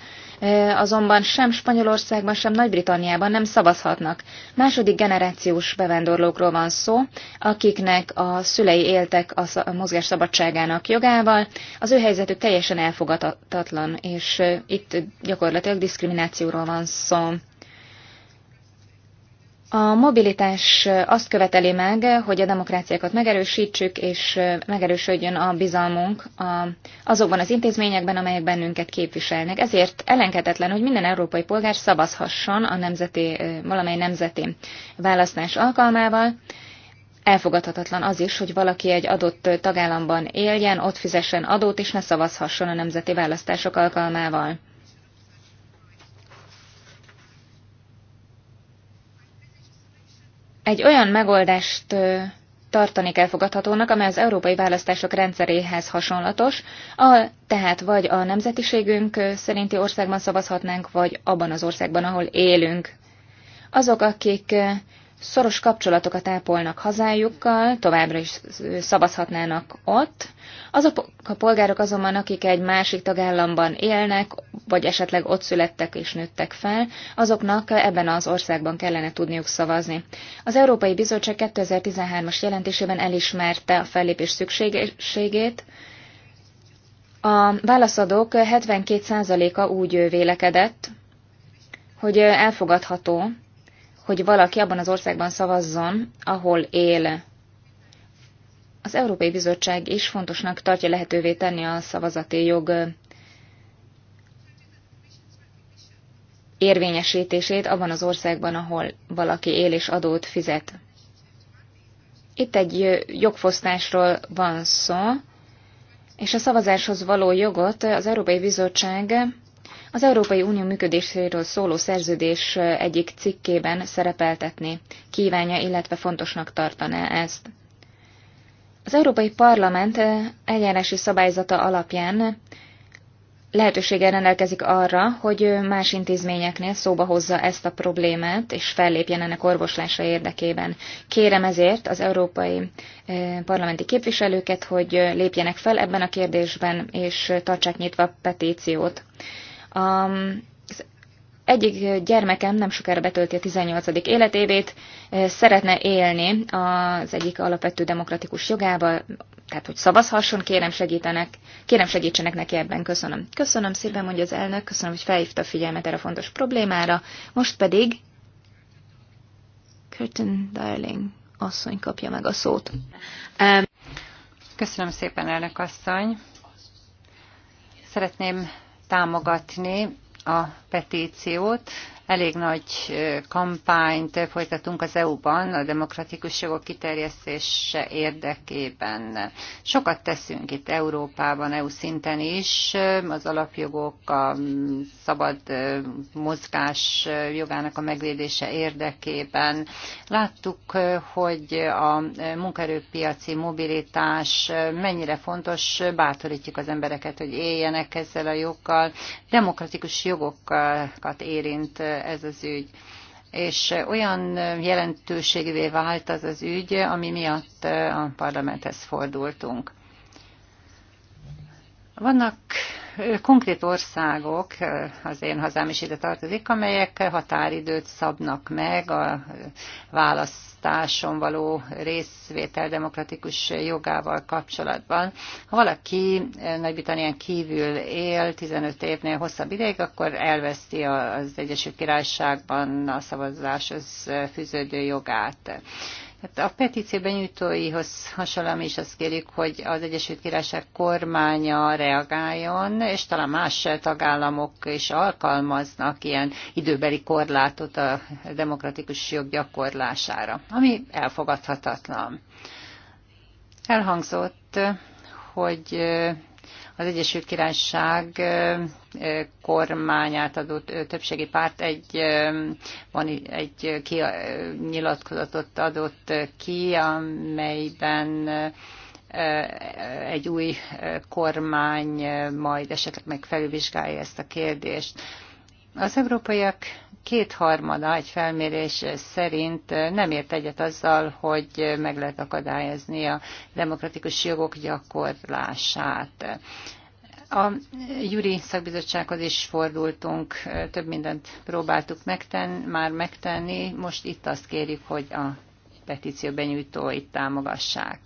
Speaker 1: azonban sem Spanyolországban, sem Nagy-Britanniában nem szavazhatnak. Második generációs bevándorlókról van szó, akiknek a szülei éltek a mozgás szabadságának jogával, az ő helyzetük teljesen elfogadhatatlan, és itt gyakorlatilag diszkriminációról van szó. A mobilitás azt követeli meg, hogy a demokráciákat megerősítsük, és megerősödjön a bizalmunk azokban az intézményekben, amelyek bennünket képviselnek. Ezért elengedhetetlen, hogy minden európai polgár szavazhasson a nemzeti, valamely nemzeti választás alkalmával. Elfogadhatatlan az is, hogy valaki egy adott tagállamban éljen, ott fizessen adót, és ne szavazhasson a nemzeti választások alkalmával. egy olyan megoldást tartani kell fogadhatónak, amely az európai választások rendszeréhez hasonlatos, a, tehát vagy a nemzetiségünk szerinti országban szavazhatnánk, vagy abban az országban, ahol élünk. Azok, akik szoros kapcsolatokat ápolnak hazájukkal, továbbra is szavazhatnának ott. Azok a polgárok azonban, akik egy másik tagállamban élnek, vagy esetleg ott születtek és nőttek fel, azoknak ebben az országban kellene tudniuk szavazni. Az Európai Bizottság 2013-as jelentésében elismerte a fellépés szükségességét, a válaszadók 72%-a úgy vélekedett, hogy elfogadható, hogy valaki abban az országban szavazzon, ahol él. Az Európai Bizottság is fontosnak tartja lehetővé tenni a szavazati jog érvényesítését abban az országban, ahol valaki él és adót fizet. Itt egy jogfosztásról van szó, és a szavazáshoz való jogot az Európai Bizottság az Európai Unió működéséről szóló szerződés egyik cikkében szerepeltetni kívánja, illetve fontosnak tartaná ezt. Az Európai Parlament eljárási szabályzata alapján lehetősége rendelkezik arra, hogy más intézményeknél szóba hozza ezt a problémát, és fellépjen ennek orvoslása érdekében. Kérem ezért az európai parlamenti képviselőket, hogy lépjenek fel ebben a kérdésben, és tartsák nyitva a petíciót. A egyik gyermekem nem sokára betölti a 18. életévét, szeretne élni az egyik alapvető demokratikus jogába, tehát hogy szavazhasson, kérem, segítenek, kérem segítsenek neki ebben, köszönöm. Köszönöm szépen, mondja az elnök, köszönöm, hogy felhívta a figyelmet erre a fontos problémára. Most pedig Curtin Darling asszony kapja meg a szót. Um, köszönöm szépen,
Speaker 3: elnök asszony. Szeretném támogatni a petíciót, Elég nagy kampányt folytatunk az EU-ban a demokratikus jogok kiterjesztése érdekében. Sokat teszünk itt Európában, EU szinten is, az alapjogok, a szabad mozgás jogának a megvédése érdekében. Láttuk, hogy a munkaerőpiaci mobilitás mennyire fontos, bátorítjuk az embereket, hogy éljenek ezzel a joggal. Demokratikus jogokat érint ez az ügy és olyan jelentőségvé vált az az ügy, ami miatt a parlamenthez fordultunk. Vannak konkrét országok, az én hazám is ide tartozik, amelyek határidőt szabnak meg a választáson való részvétel demokratikus jogával kapcsolatban. Ha valaki Nagy-Britannián kívül él 15 évnél hosszabb ideig, akkor elveszti az Egyesült Királyságban a szavazáshoz fűződő jogát. Hát a petíció benyújtóihoz hasonlóan is azt kérjük, hogy az Egyesült Királyság kormánya reagáljon, és talán más tagállamok is alkalmaznak ilyen időbeli korlátot a demokratikus jog gyakorlására, ami elfogadhatatlan. Elhangzott, hogy az Egyesült Királyság kormányát adott többségi párt egy, van egy ki, nyilatkozatot adott ki, amelyben egy új kormány majd esetleg meg felülvizsgálja ezt a kérdést. Az európaiak kétharmada egy felmérés szerint nem ért egyet azzal, hogy meg lehet akadályozni a demokratikus jogok gyakorlását. A Juri szakbizottsághoz is fordultunk, több mindent próbáltuk megtenni, már megtenni, most itt azt kérjük, hogy a petíció benyújtóit támogassák.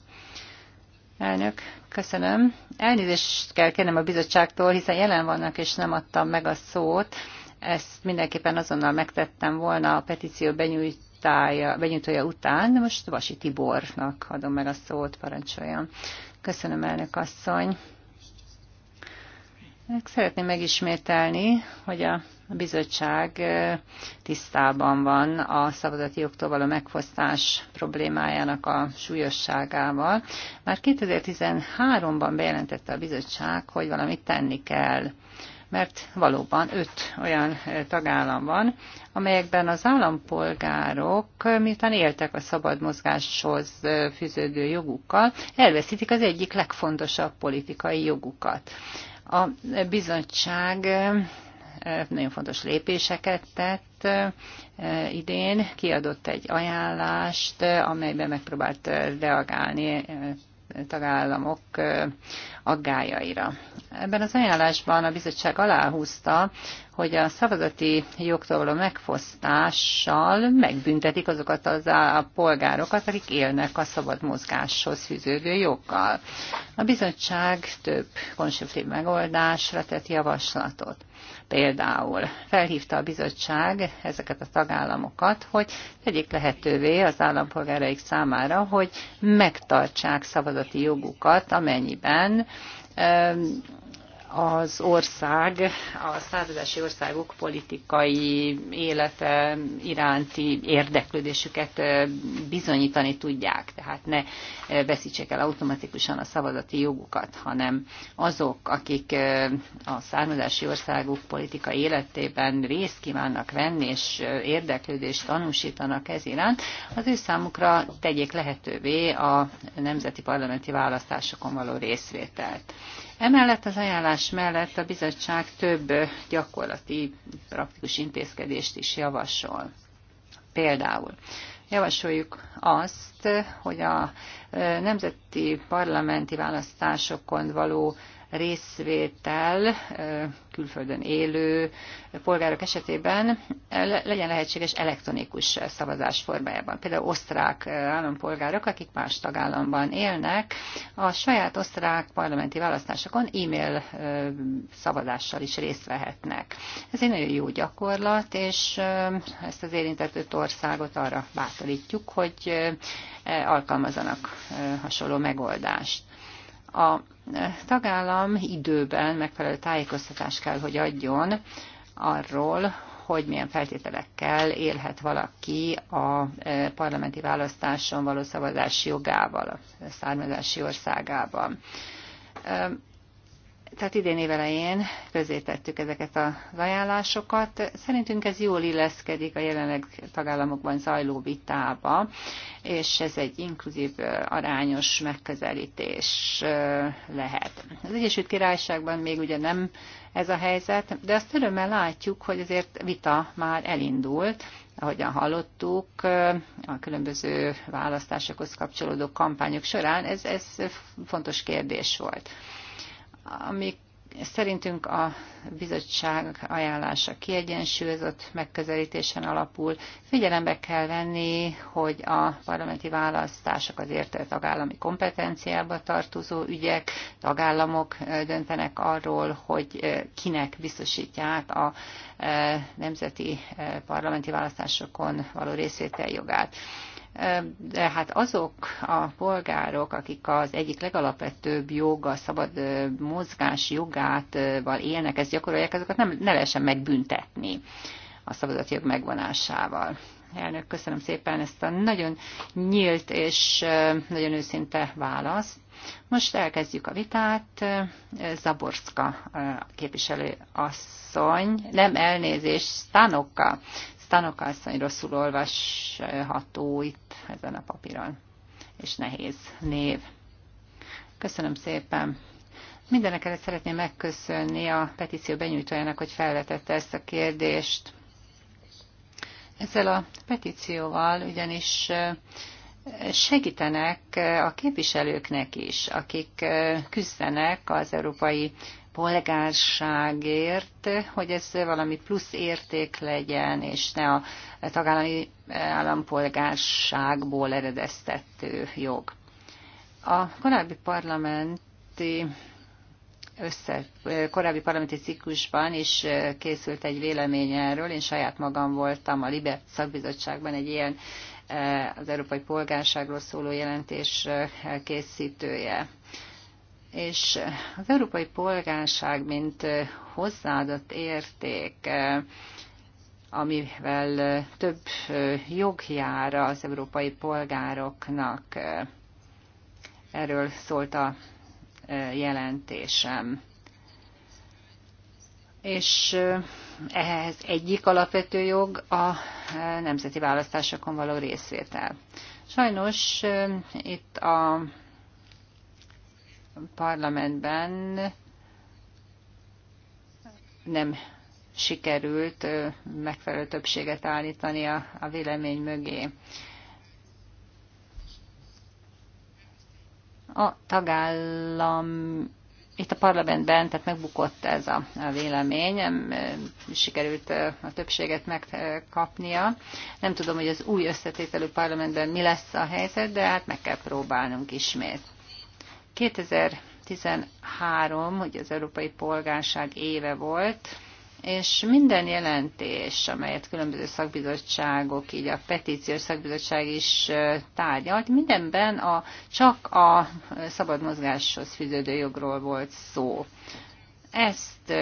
Speaker 3: Elnök, köszönöm. Elnézést kell kérnem a bizottságtól, hiszen jelen vannak, és nem adtam meg a szót. Ezt mindenképpen azonnal megtettem volna a petíció benyújtája, benyújtója után, de most Vasi Tibornak adom meg a szót, parancsoljon. Köszönöm, elnök asszony. Szeretném megismételni, hogy a bizottság tisztában van a szabadati jogtól való megfosztás problémájának a súlyosságával. Már 2013-ban bejelentette a bizottság, hogy valamit tenni kell mert valóban öt olyan eh, tagállam van, amelyekben az állampolgárok, eh, miután éltek a szabad mozgáshoz eh, fűződő jogukkal, elveszítik az egyik legfontosabb politikai jogukat. A bizottság nagyon fontos lépéseket tett idén, kiadott egy ajánlást, amelyben megpróbált reagálni tagállamok aggájaira. Ebben az ajánlásban a bizottság aláhúzta, hogy a szavazati jogtól való megfosztással megbüntetik azokat az a polgárokat, akik élnek a szabad mozgáshoz fűződő joggal. A bizottság több konstruktív megoldásra tett javaslatot. Például felhívta a bizottság ezeket a tagállamokat, hogy tegyék lehetővé az állampolgáraik számára, hogy megtartsák szavazati jogukat, amennyiben az ország, a századási országok politikai élete iránti érdeklődésüket bizonyítani tudják, tehát ne veszítsék el automatikusan a szavazati jogukat, hanem azok, akik a származási országok politikai életében részt kívánnak venni, és érdeklődést tanúsítanak ez iránt, az ő számukra tegyék lehetővé a nemzeti parlamenti választásokon való részvételt. Emellett az ajánlás mellett a bizottság több gyakorlati, praktikus intézkedést is javasol. Például javasoljuk azt, hogy a nemzeti parlamenti választásokon való részvétel külföldön élő polgárok esetében legyen lehetséges elektronikus szavazás formájában. Például osztrák állampolgárok, akik más tagállamban élnek, a saját osztrák parlamenti választásokon e-mail szavazással is részt vehetnek. Ez egy nagyon jó gyakorlat, és ezt az érintett öt országot arra bátorítjuk, hogy alkalmazanak hasonló megoldást. A tagállam időben megfelelő tájékoztatást kell, hogy adjon arról, hogy milyen feltételekkel élhet valaki a e, parlamenti választáson való szavazási jogával a származási országában. E, tehát idén évelején tettük ezeket az ajánlásokat. Szerintünk ez jól illeszkedik a jelenleg tagállamokban zajló vitába, és ez egy inkluzív, arányos megközelítés lehet. Az Egyesült Királyságban még ugye nem ez a helyzet, de azt örömmel látjuk, hogy azért vita már elindult, ahogyan hallottuk, a különböző választásokhoz kapcsolódó kampányok során ez, ez fontos kérdés volt. Ami szerintünk a bizottság ajánlása kiegyensúlyozott megközelítésen alapul. Figyelembe kell venni, hogy a parlamenti választások azért tagállami kompetenciába tartozó ügyek, tagállamok döntenek arról, hogy kinek biztosítják a nemzeti parlamenti választásokon való részvétel jogát de hát azok a polgárok, akik az egyik legalapvetőbb jog, a szabad mozgás jogátval élnek, ezt gyakorolják, azokat nem, ne lehessen megbüntetni a szabadat jog megvonásával. Elnök, köszönöm szépen ezt a nagyon nyílt és nagyon őszinte választ. Most elkezdjük a vitát. Zaborska képviselő asszony, nem elnézés, Stanokka. Tanok asszony rosszul olvasható itt ezen a papíron, és nehéz név. Köszönöm szépen. Mindenek előtt szeretném megköszönni a petíció benyújtójának, hogy felvetette ezt a kérdést. Ezzel a petícióval ugyanis eh, segítenek eh, a képviselőknek is, akik eh, küzdenek az európai polgárságért, hogy ez valami plusz érték legyen, és ne a tagállami eh, állampolgárságból eredeztető jog. A korábbi parlamenti össze, eh, korábbi parlamenti ciklusban is eh, készült egy vélemény erről. Én saját magam voltam a Libe szakbizottságban egy ilyen az európai polgárságról szóló jelentés készítője és az európai polgárság, mint hozzáadott érték, amivel több jog jár az európai polgároknak. Erről szólt a jelentésem. És ehhez egyik alapvető jog a nemzeti választásokon való részvétel. Sajnos itt a parlamentben nem sikerült megfelelő többséget állítani a, a vélemény mögé. A tagállam itt a parlamentben, tehát megbukott ez a, a vélemény, nem sikerült a többséget megkapnia. Nem tudom, hogy az új összetételű parlamentben mi lesz a helyzet, de hát meg kell próbálnunk ismét. 2013, hogy az Európai Polgárság éve volt, és minden jelentés, amelyet különböző szakbizottságok, így a petíciós szakbizottság is tárgyalt, mindenben a, csak a szabad mozgáshoz fűződő jogról volt szó. Ezt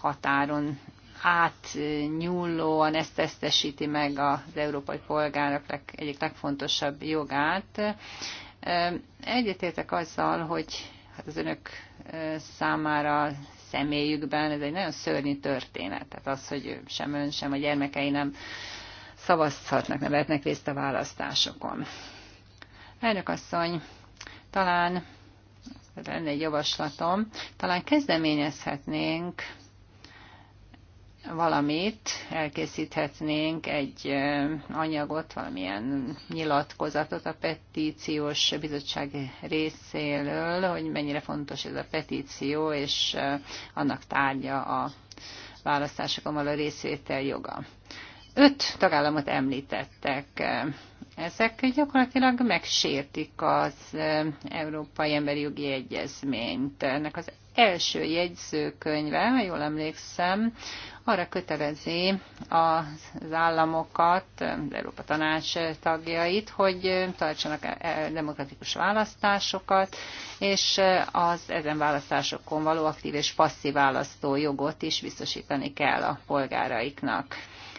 Speaker 3: határon átnyúlóan ezt tesztesíti meg az európai polgárok egyik legfontosabb jogát, Egyetértek azzal, hogy hát az önök számára személyükben ez egy nagyon szörnyű történet. Tehát az, hogy sem ön, sem a gyermekei nem szavazhatnak, nem vehetnek részt a választásokon. Elnök asszony, talán lenne egy javaslatom, talán kezdeményezhetnénk valamit, elkészíthetnénk egy anyagot, valamilyen nyilatkozatot a petíciós bizottság részéről, hogy mennyire fontos ez a petíció, és annak tárgya a választásokon való részvétel joga. Öt tagállamot említettek. Ezek gyakorlatilag megsértik az Európai Emberi Jogi Egyezményt. Ennek az első jegyzőkönyve, ha jól emlékszem, arra kötelezi az államokat, az Európa Tanács tagjait, hogy tartsanak e-, e-, demokratikus választásokat, és az ezen választásokon való aktív és passzív választó jogot is biztosítani kell a polgáraiknak.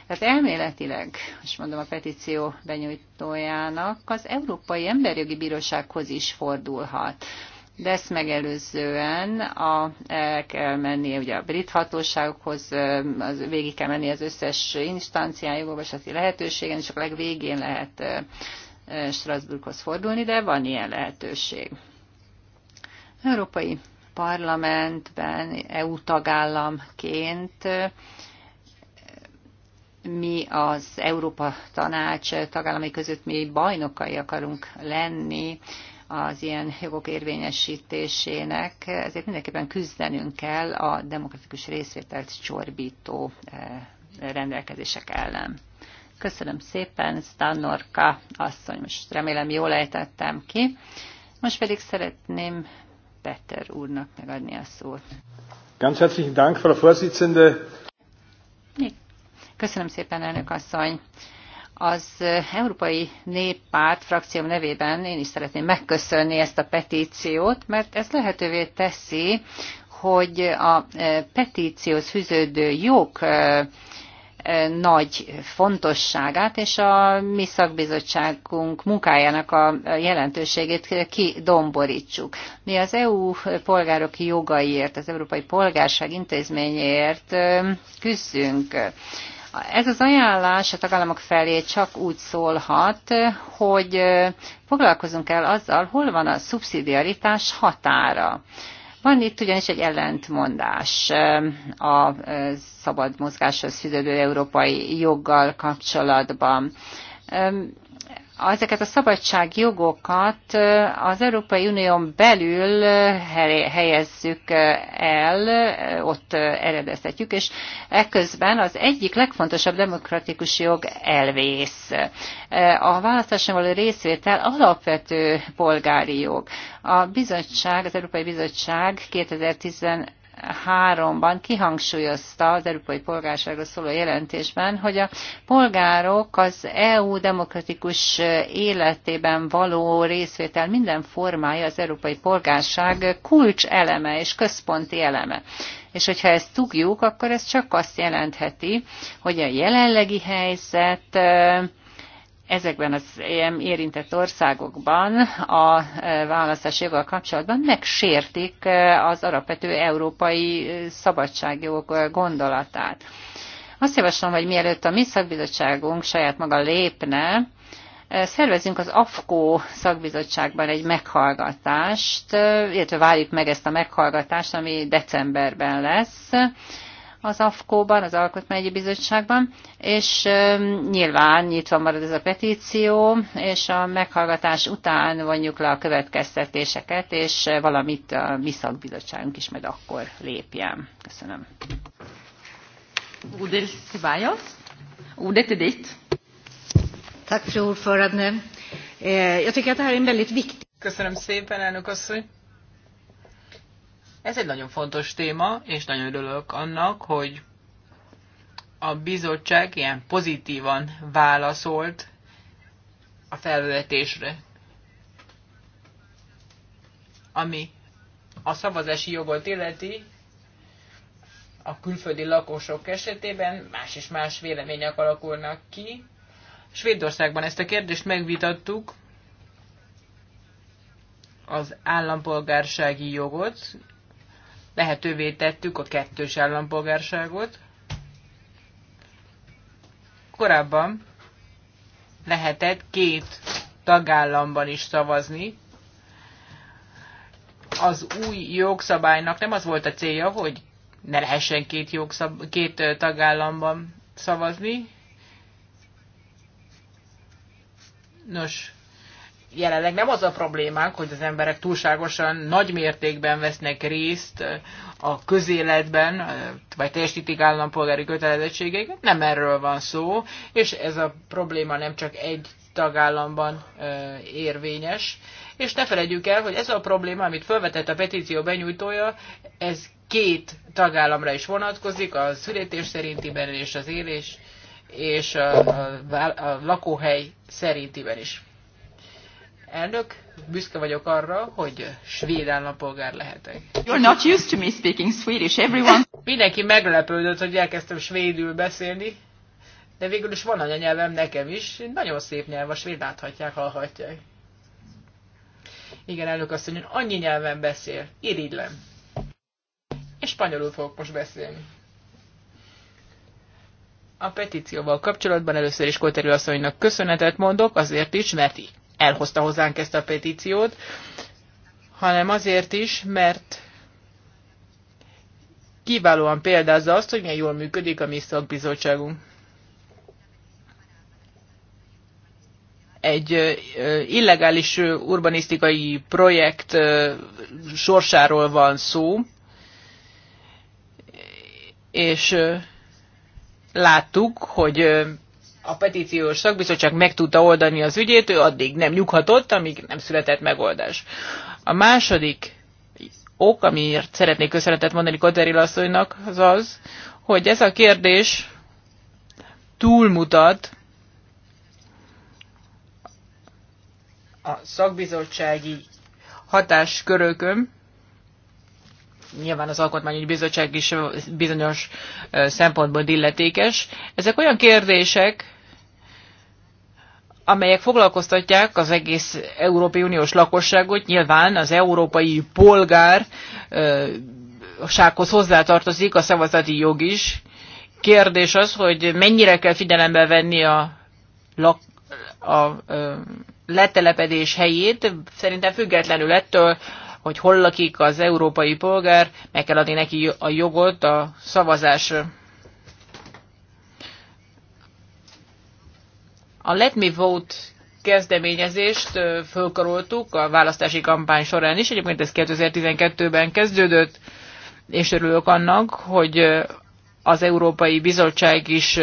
Speaker 3: Tehát elméletileg, most mondom a petíció benyújtójának, az Európai Emberjogi Bírósághoz is fordulhat de ezt megelőzően a, el kell menni ugye a brit hatóságokhoz, az, végig kell menni az összes vagy jogolvasati lehetőségen, és a legvégén lehet Strasbourghoz fordulni, de van ilyen lehetőség. Európai Parlamentben, EU tagállamként mi az Európa Tanács tagállamai között mi bajnokai akarunk lenni, az ilyen jogok érvényesítésének, ezért mindenképpen küzdenünk kell a demokratikus részvételt csorbító eh, rendelkezések ellen. Köszönöm szépen, Stanorka asszony, most remélem jól ejtettem ki. Most pedig szeretném Peter úrnak megadni a szót.
Speaker 1: Ganz herzlichen Dank, Frau Vorsitzende.
Speaker 3: Köszönöm szépen, elnök asszony. Az Európai Néppárt frakció nevében én is szeretném megköszönni ezt a petíciót, mert ez lehetővé teszi, hogy a e, petícióhoz fűződő jog e, e, nagy fontosságát és a mi szakbizottságunk munkájának a jelentőségét kidomborítsuk. Mi az EU polgárok jogaiért, az Európai Polgárság intézményéért küzdünk. Ez az ajánlás a tagállamok felé csak úgy szólhat, hogy foglalkozunk el azzal, hol van a szubszidiaritás határa. Van itt ugyanis egy ellentmondás a szabad mozgáshoz fűződő európai joggal kapcsolatban ezeket a szabadságjogokat az Európai Unión belül helyezzük el, ott eredeztetjük, és ekközben az egyik legfontosabb demokratikus jog elvész. A választáson való részvétel alapvető polgári jog. A bizottság, az Európai Bizottság 2013-ban kihangsúlyozta az Európai Polgárságról szóló jelentésben, hogy a polgárok az EU demokratikus életében való részvétel minden formája az Európai Polgárság kulcs eleme és központi eleme. És hogyha ezt tudjuk, akkor ez csak azt jelentheti, hogy a jelenlegi helyzet ezekben az érintett országokban a e, választási joggal kapcsolatban megsértik e, az alapvető európai e, szabadságjog gondolatát. Azt javaslom, hogy mielőtt a mi szakbizottságunk saját maga lépne, szervezünk az AFKO szakbizottságban egy meghallgatást, illetve várjuk meg ezt a meghallgatást, ami decemberben lesz az AFKO-ban, az Alkotmányi Bizottságban, és nyilván nyitva marad ez a petíció, és a meghallgatás után vonjuk le a következtetéseket, és valamit a mi szakbizottságunk is majd akkor lépjen. Köszönöm. Ordet Ceballos. Ordet eh, är ditt.
Speaker 2: Köszönöm szépen, elnök asszony. Ez egy nagyon fontos téma, és nagyon örülök annak, hogy a bizottság ilyen pozitívan válaszolt a felvetésre. Ami a szavazási jogot illeti, a külföldi lakosok esetében más és más vélemények alakulnak ki. Svédországban ezt a kérdést megvitattuk, az állampolgársági jogot, lehetővé tettük a kettős állampolgárságot. Korábban lehetett két tagállamban is szavazni. Az új jogszabálynak nem az volt a célja, hogy ne lehessen két, jogszab- két tagállamban szavazni. Nos, jelenleg nem az a problémánk, hogy az emberek túlságosan nagy mértékben vesznek részt eh, a közéletben, eh, vagy teljesítik állampolgári kötelezettségeiket, nem erről van szó, és ez a probléma nem csak egy tagállamban eh, érvényes. És ne felejtjük el, hogy ez a probléma, amit felvetett a petíció benyújtója, ez két tagállamra is vonatkozik, a születés szerintiben és az élés és a, a, a lakóhely szerintiben is. Elnök, büszke vagyok arra, hogy svéd állampolgár lehetek. You're not used to
Speaker 1: me speaking Swedish, everyone.
Speaker 2: Mindenki meglepődött, hogy elkezdtem svédül beszélni, de végül is van anyanyelvem nekem is. Nagyon szép nyelv, a svéd láthatják, hallhatják. Igen, elnök asszony, annyi nyelven beszél, irigylem. És spanyolul fogok most beszélni. A petícióval kapcsolatban először is Kóterül asszonynak köszönetet mondok, azért is, mert elhozta hozzánk ezt a petíciót, hanem azért is, mert kiválóan példázza azt, hogy milyen jól működik a mi szakbizottságunk. Egy illegális urbanisztikai projekt sorsáról van szó, és láttuk, hogy a petíciós szakbizottság meg tudta oldani az ügyét, ő addig nem nyughatott, amíg nem született megoldás. A második ok, amiért szeretnék köszönetet mondani Kodzeri asszonynak, az az, hogy ez a kérdés túlmutat a szakbizottsági hatáskörökön, nyilván az Alkotmányi Bizottság is bizonyos szempontból illetékes. Ezek olyan kérdések, amelyek foglalkoztatják az egész Európai Uniós lakosságot, nyilván az európai polgár sághoz hozzátartozik a szavazati jog is. Kérdés az, hogy mennyire kell figyelembe venni a, lak, a, a letelepedés helyét. Szerintem függetlenül ettől, hogy hol lakik az európai polgár, meg kell adni neki a jogot a szavazásra. A Let Me Vote kezdeményezést fölkaroltuk a választási kampány során is. Egyébként ez 2012-ben kezdődött, és örülök annak, hogy az Európai Bizottság is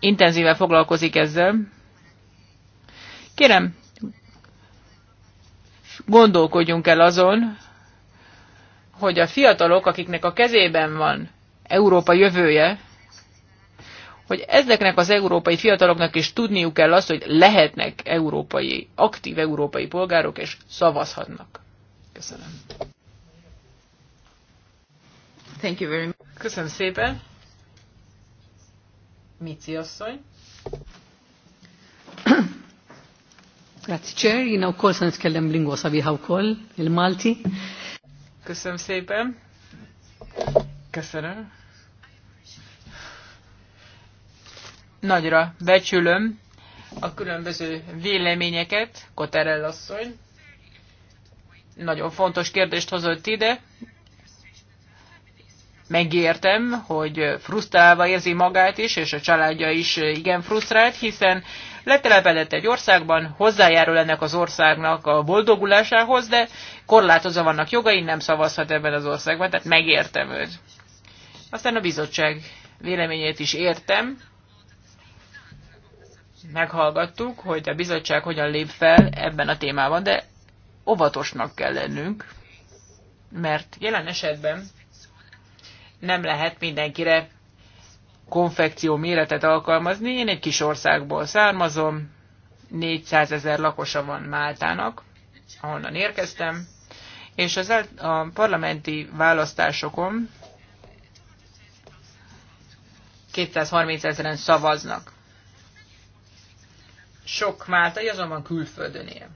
Speaker 2: intenzíven foglalkozik ezzel. Kérem, gondolkodjunk el azon, hogy a fiatalok, akiknek a kezében van Európa jövője, hogy ezeknek az európai fiataloknak is tudniuk kell azt, hogy lehetnek európai, aktív európai polgárok, és szavazhatnak. Köszönöm. Thank you very much. Köszönöm szépen. Mici asszony.
Speaker 3: Grazie, Chair. Én akkor să ne schelem lingua să Malti.
Speaker 2: Köszönöm szépen. Köszönöm. nagyra becsülöm a különböző véleményeket, Koterell asszony. Nagyon fontos kérdést hozott ide. Megértem, hogy frusztrálva érzi magát is, és a családja is igen frusztrált, hiszen letelepedett egy országban, hozzájárul ennek az országnak a boldogulásához, de korlátozva vannak jogai, nem szavazhat ebben az országban, tehát megértem őt. Aztán a bizottság véleményét is értem meghallgattuk, hogy a bizottság hogyan lép fel ebben a témában, de óvatosnak kell lennünk, mert jelen esetben nem lehet mindenkire konfekció méretet alkalmazni. Én egy kis országból származom, 400 ezer lakosa van Máltának, ahonnan érkeztem, és az a parlamenti választásokon 230 ezeren szavaznak. Sok máltai azonban külföldön él.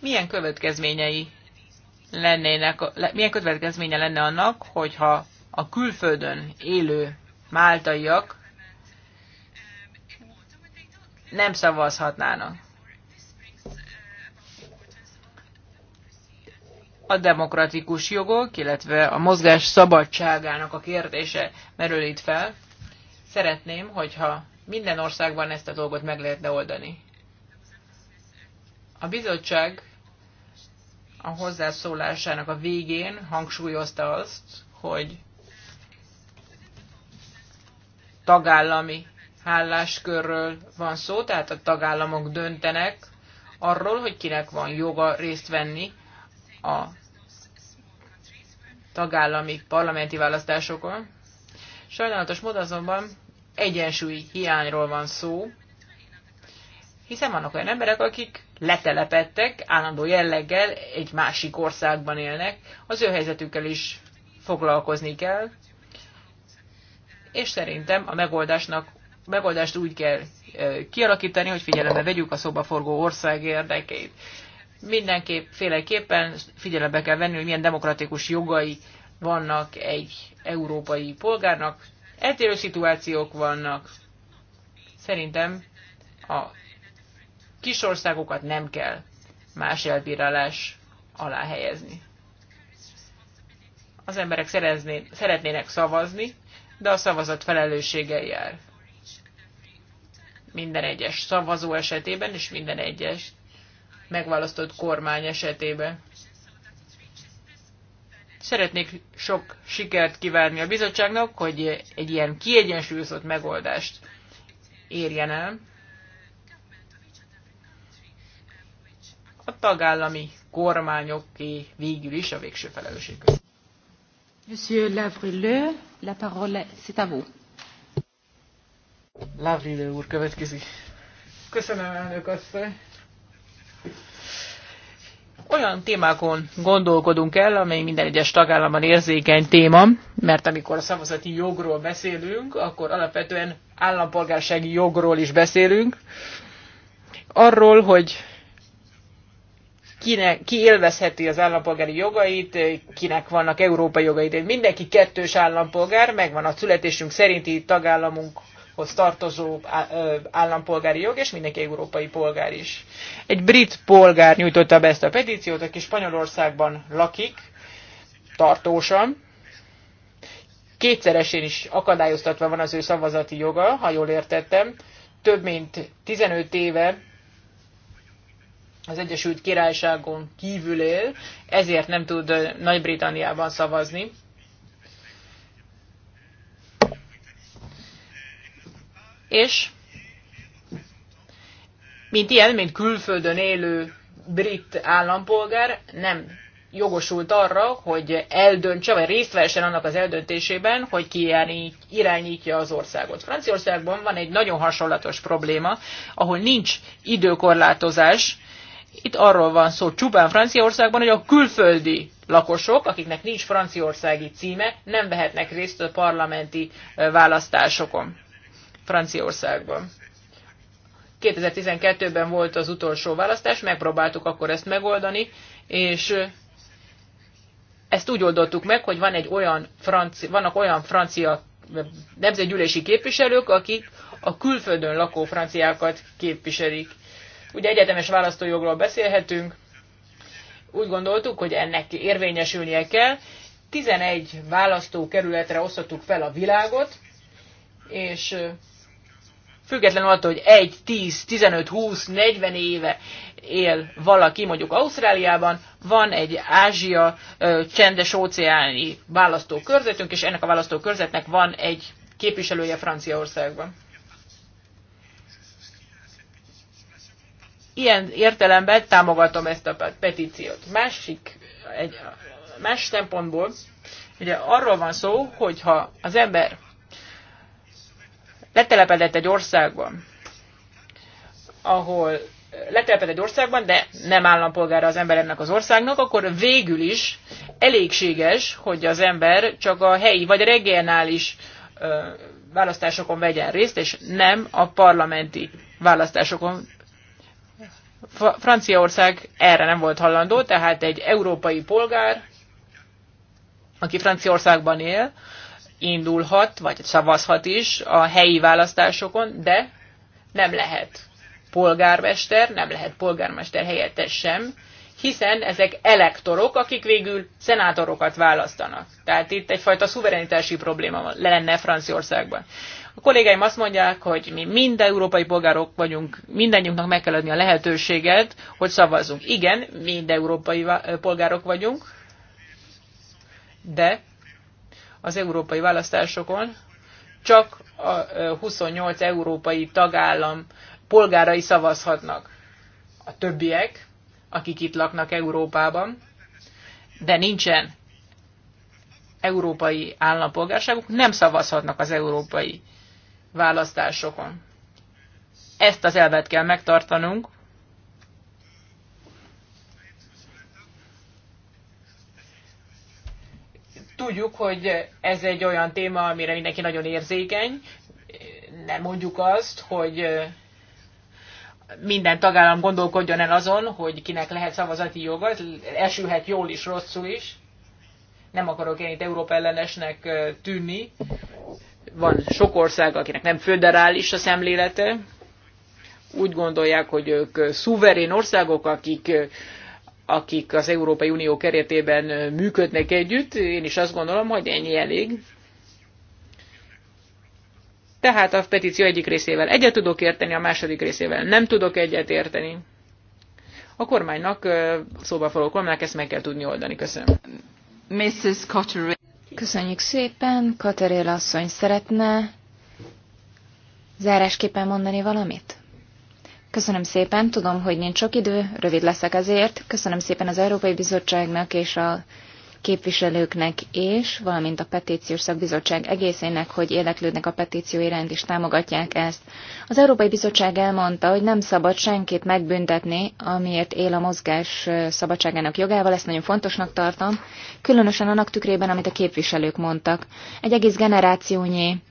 Speaker 2: Milyen következményei lennének, milyen következménye lenne annak, hogyha a külföldön élő máltaiak nem szavazhatnának? a demokratikus jogok, illetve a mozgás szabadságának a kérdése merül itt fel. Szeretném, hogyha minden országban ezt a dolgot meg lehetne oldani. A bizottság a hozzászólásának a végén hangsúlyozta azt, hogy tagállami álláskörről van szó, tehát a tagállamok döntenek arról, hogy kinek van joga részt venni a tagállami parlamenti választásokon. Sajnálatos módon azonban egyensúly hiányról van szó, hiszen vannak olyan emberek, akik letelepettek, állandó jelleggel egy másik országban élnek, az ő helyzetükkel is foglalkozni kell, és szerintem a megoldásnak, megoldást úgy kell kialakítani, hogy figyelembe vegyük a szobaforgó ország érdekeit mindenképp féleképpen figyelembe kell venni, hogy milyen demokratikus jogai vannak egy európai polgárnak. Eltérő szituációk vannak. Szerintem a kis országokat nem kell más elbírálás alá helyezni. Az emberek szeretnének szavazni, de a szavazat felelősséggel jár. Minden egyes szavazó esetében és minden egyes megválasztott kormány esetében. Szeretnék sok sikert kívánni a bizottságnak, hogy egy ilyen kiegyensúlyozott megoldást érjen el. A tagállami kormányoké végül is a végső felelősség Monsieur Lavrilleux, la parole c'est à vous. Lavrilleux úr következik. Köszönöm, elnök asszony. Olyan témákon gondolkodunk el, amely minden egyes tagállamban érzékeny téma, mert amikor a szavazati jogról beszélünk, akkor alapvetően állampolgársági jogról is beszélünk, arról, hogy kine, ki élvezheti az állampolgári jogait, kinek vannak európai jogait. Mindenki kettős állampolgár, megvan a születésünk szerinti tagállamunk hoz tartozó állampolgári jog, és mindenki európai polgár is. Egy brit polgár nyújtotta be ezt a petíciót, aki Spanyolországban lakik, tartósan, kétszeresén is akadályoztatva van az ő szavazati joga, ha jól értettem, több mint 15 éve az Egyesült Királyságon kívül él, ezért nem tud Nagy-Britanniában szavazni. és mint ilyen, mint külföldön élő brit állampolgár nem jogosult arra, hogy eldöntse, vagy részt vehessen annak az eldöntésében, hogy ki irányítja az országot. Franciaországban van egy nagyon hasonlatos probléma, ahol nincs időkorlátozás. Itt arról van szó csupán Franciaországban, hogy a külföldi lakosok, akiknek nincs franciaországi címe, nem vehetnek részt a parlamenti választásokon. Franciaországban. 2012-ben volt az utolsó választás, megpróbáltuk akkor ezt megoldani, és ezt úgy oldottuk meg, hogy van egy olyan franci, vannak olyan francia nemzetgyűlési képviselők, akik a külföldön lakó franciákat képviselik. Ugye egyetemes választójogról beszélhetünk, úgy gondoltuk, hogy ennek érvényesülnie kell. 11 választókerületre osztottuk fel a világot, és Függetlenül attól, hogy 1, 10, 15, 20, 40 éve él valaki mondjuk Ausztráliában, van egy Ázsia ö, csendes óceáni választókörzetünk, és ennek a választókörzetnek van egy képviselője Franciaországban. Ilyen értelemben támogatom ezt a petíciót. Másik, egy, más szempontból, ugye arról van szó, hogyha az ember letelepedett egy országban, ahol letelepedett egy országban, de nem állampolgára az ember ennek az országnak, akkor végül is elégséges, hogy az ember csak a helyi vagy regionális ö, választásokon vegyen részt, és nem a parlamenti választásokon. Franciaország erre nem volt hallandó, tehát egy európai polgár, aki Franciaországban él, indulhat, vagy szavazhat is a helyi választásokon, de nem lehet polgármester, nem lehet polgármester helyettes sem, hiszen ezek elektorok, akik végül szenátorokat választanak. Tehát itt egyfajta szuverenitási probléma lenne Franciaországban. A kollégáim azt mondják, hogy mi mind európai polgárok vagyunk, mindannyiunknak meg kell adni a lehetőséget, hogy szavazzunk. Igen, mind európai polgárok vagyunk, de az európai választásokon, csak a 28 európai tagállam polgárai szavazhatnak. A többiek, akik itt laknak Európában, de nincsen európai állampolgárságuk, nem szavazhatnak az európai választásokon. Ezt az elvet kell megtartanunk, Tudjuk, hogy ez egy olyan téma, amire mindenki nagyon érzékeny. Nem mondjuk azt, hogy minden tagállam gondolkodjon el azon, hogy kinek lehet szavazati joga, esülhet jól is, rosszul is. Nem akarok én itt Európa ellenesnek tűnni. Van sok ország, akinek nem föderális a szemlélete. Úgy gondolják, hogy ők szuverén országok, akik akik az Európai Unió keretében működnek együtt. Én is azt gondolom, hogy ennyi elég. Tehát a petíció egyik részével egyet tudok érteni, a második részével nem tudok egyet érteni. A kormánynak, szóba forró kormánynak ezt meg kell tudni oldani. Köszönöm. Mrs.
Speaker 1: Cotterill. Köszönjük szépen. Katerél asszony szeretne zárásképpen mondani valamit? Köszönöm szépen, tudom, hogy nincs sok idő, rövid leszek ezért. Köszönöm szépen az Európai Bizottságnak és a képviselőknek és, valamint a petíciós szakbizottság egészének, hogy érdeklődnek a petíció iránt és támogatják ezt. Az Európai Bizottság elmondta, hogy nem szabad senkit megbüntetni, amiért él a mozgás szabadságának jogával, ezt nagyon fontosnak tartom, különösen annak tükrében, amit a képviselők mondtak. Egy egész generációnyi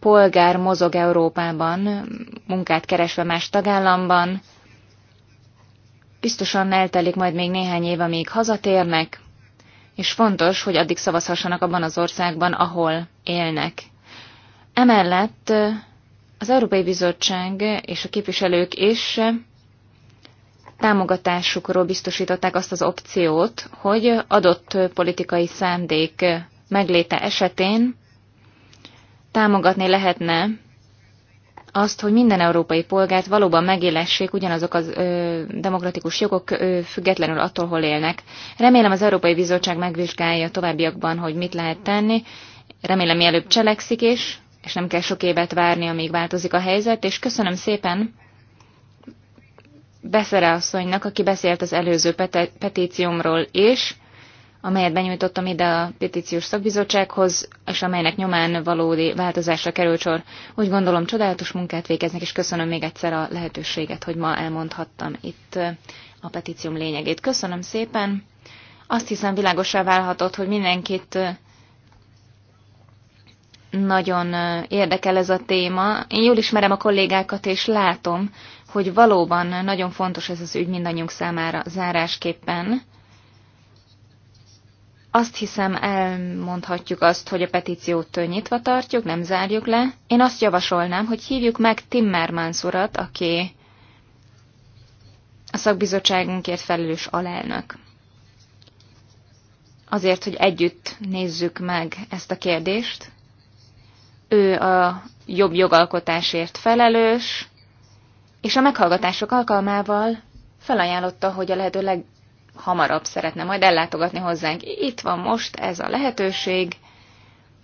Speaker 1: polgár mozog Európában, munkát keresve más tagállamban. Biztosan eltelik majd még néhány év, amíg hazatérnek, és fontos, hogy addig szavazhassanak abban az országban, ahol élnek. Emellett az Európai Bizottság és a képviselők is támogatásukról biztosították azt az opciót, hogy adott politikai szándék megléte esetén támogatni lehetne azt, hogy minden európai polgárt valóban megélessék ugyanazok az ö, demokratikus jogok ö, függetlenül attól, hol élnek. Remélem az Európai Bizottság megvizsgálja továbbiakban, hogy mit lehet tenni. Remélem mielőbb cselekszik is, és nem kell sok évet várni, amíg változik a helyzet, és köszönöm szépen Beszere asszonynak, aki beszélt az előző petíciómról is, amelyet benyújtottam ide a petíciós szakbizottsághoz, és amelynek nyomán valódi változásra került sor. Úgy gondolom, csodálatos munkát végeznek, és köszönöm még egyszer a lehetőséget, hogy ma elmondhattam itt a petícióm lényegét. Köszönöm szépen! Azt hiszem világosá válhatott, hogy mindenkit nagyon érdekel ez a téma. Én jól ismerem a kollégákat, és látom, hogy valóban nagyon fontos ez az ügy mindannyiunk számára zárásképpen. Azt hiszem, elmondhatjuk azt, hogy a petíciót nyitva tartjuk, nem zárjuk le. Én azt javasolnám, hogy hívjuk meg Timmermans urat, aki a szakbizottságunkért felelős alelnök. Azért, hogy együtt nézzük meg ezt a kérdést. Ő a jobb jogalkotásért felelős, és a meghallgatások alkalmával felajánlotta, hogy a lehető leg hamarabb szeretne majd ellátogatni hozzánk. Itt van most ez a lehetőség,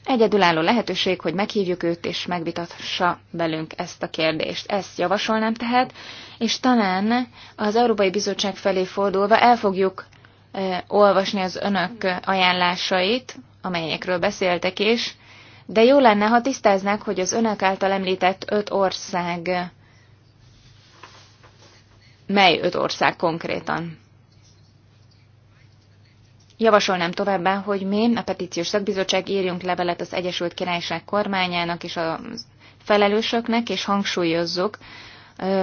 Speaker 1: egyedülálló lehetőség, hogy meghívjuk őt, és megvitassa velünk ezt a kérdést. Ezt javasolnám tehát, és talán az Európai Bizottság felé fordulva el fogjuk olvasni az önök ajánlásait, amelyekről beszéltek is, de jó lenne, ha tisztáznák, hogy az önök által említett öt ország mely öt ország konkrétan. Javasolnám továbbá, hogy mi, a petíciós szakbizottság írjunk levelet az Egyesült Királyság kormányának és a felelősöknek, és hangsúlyozzuk,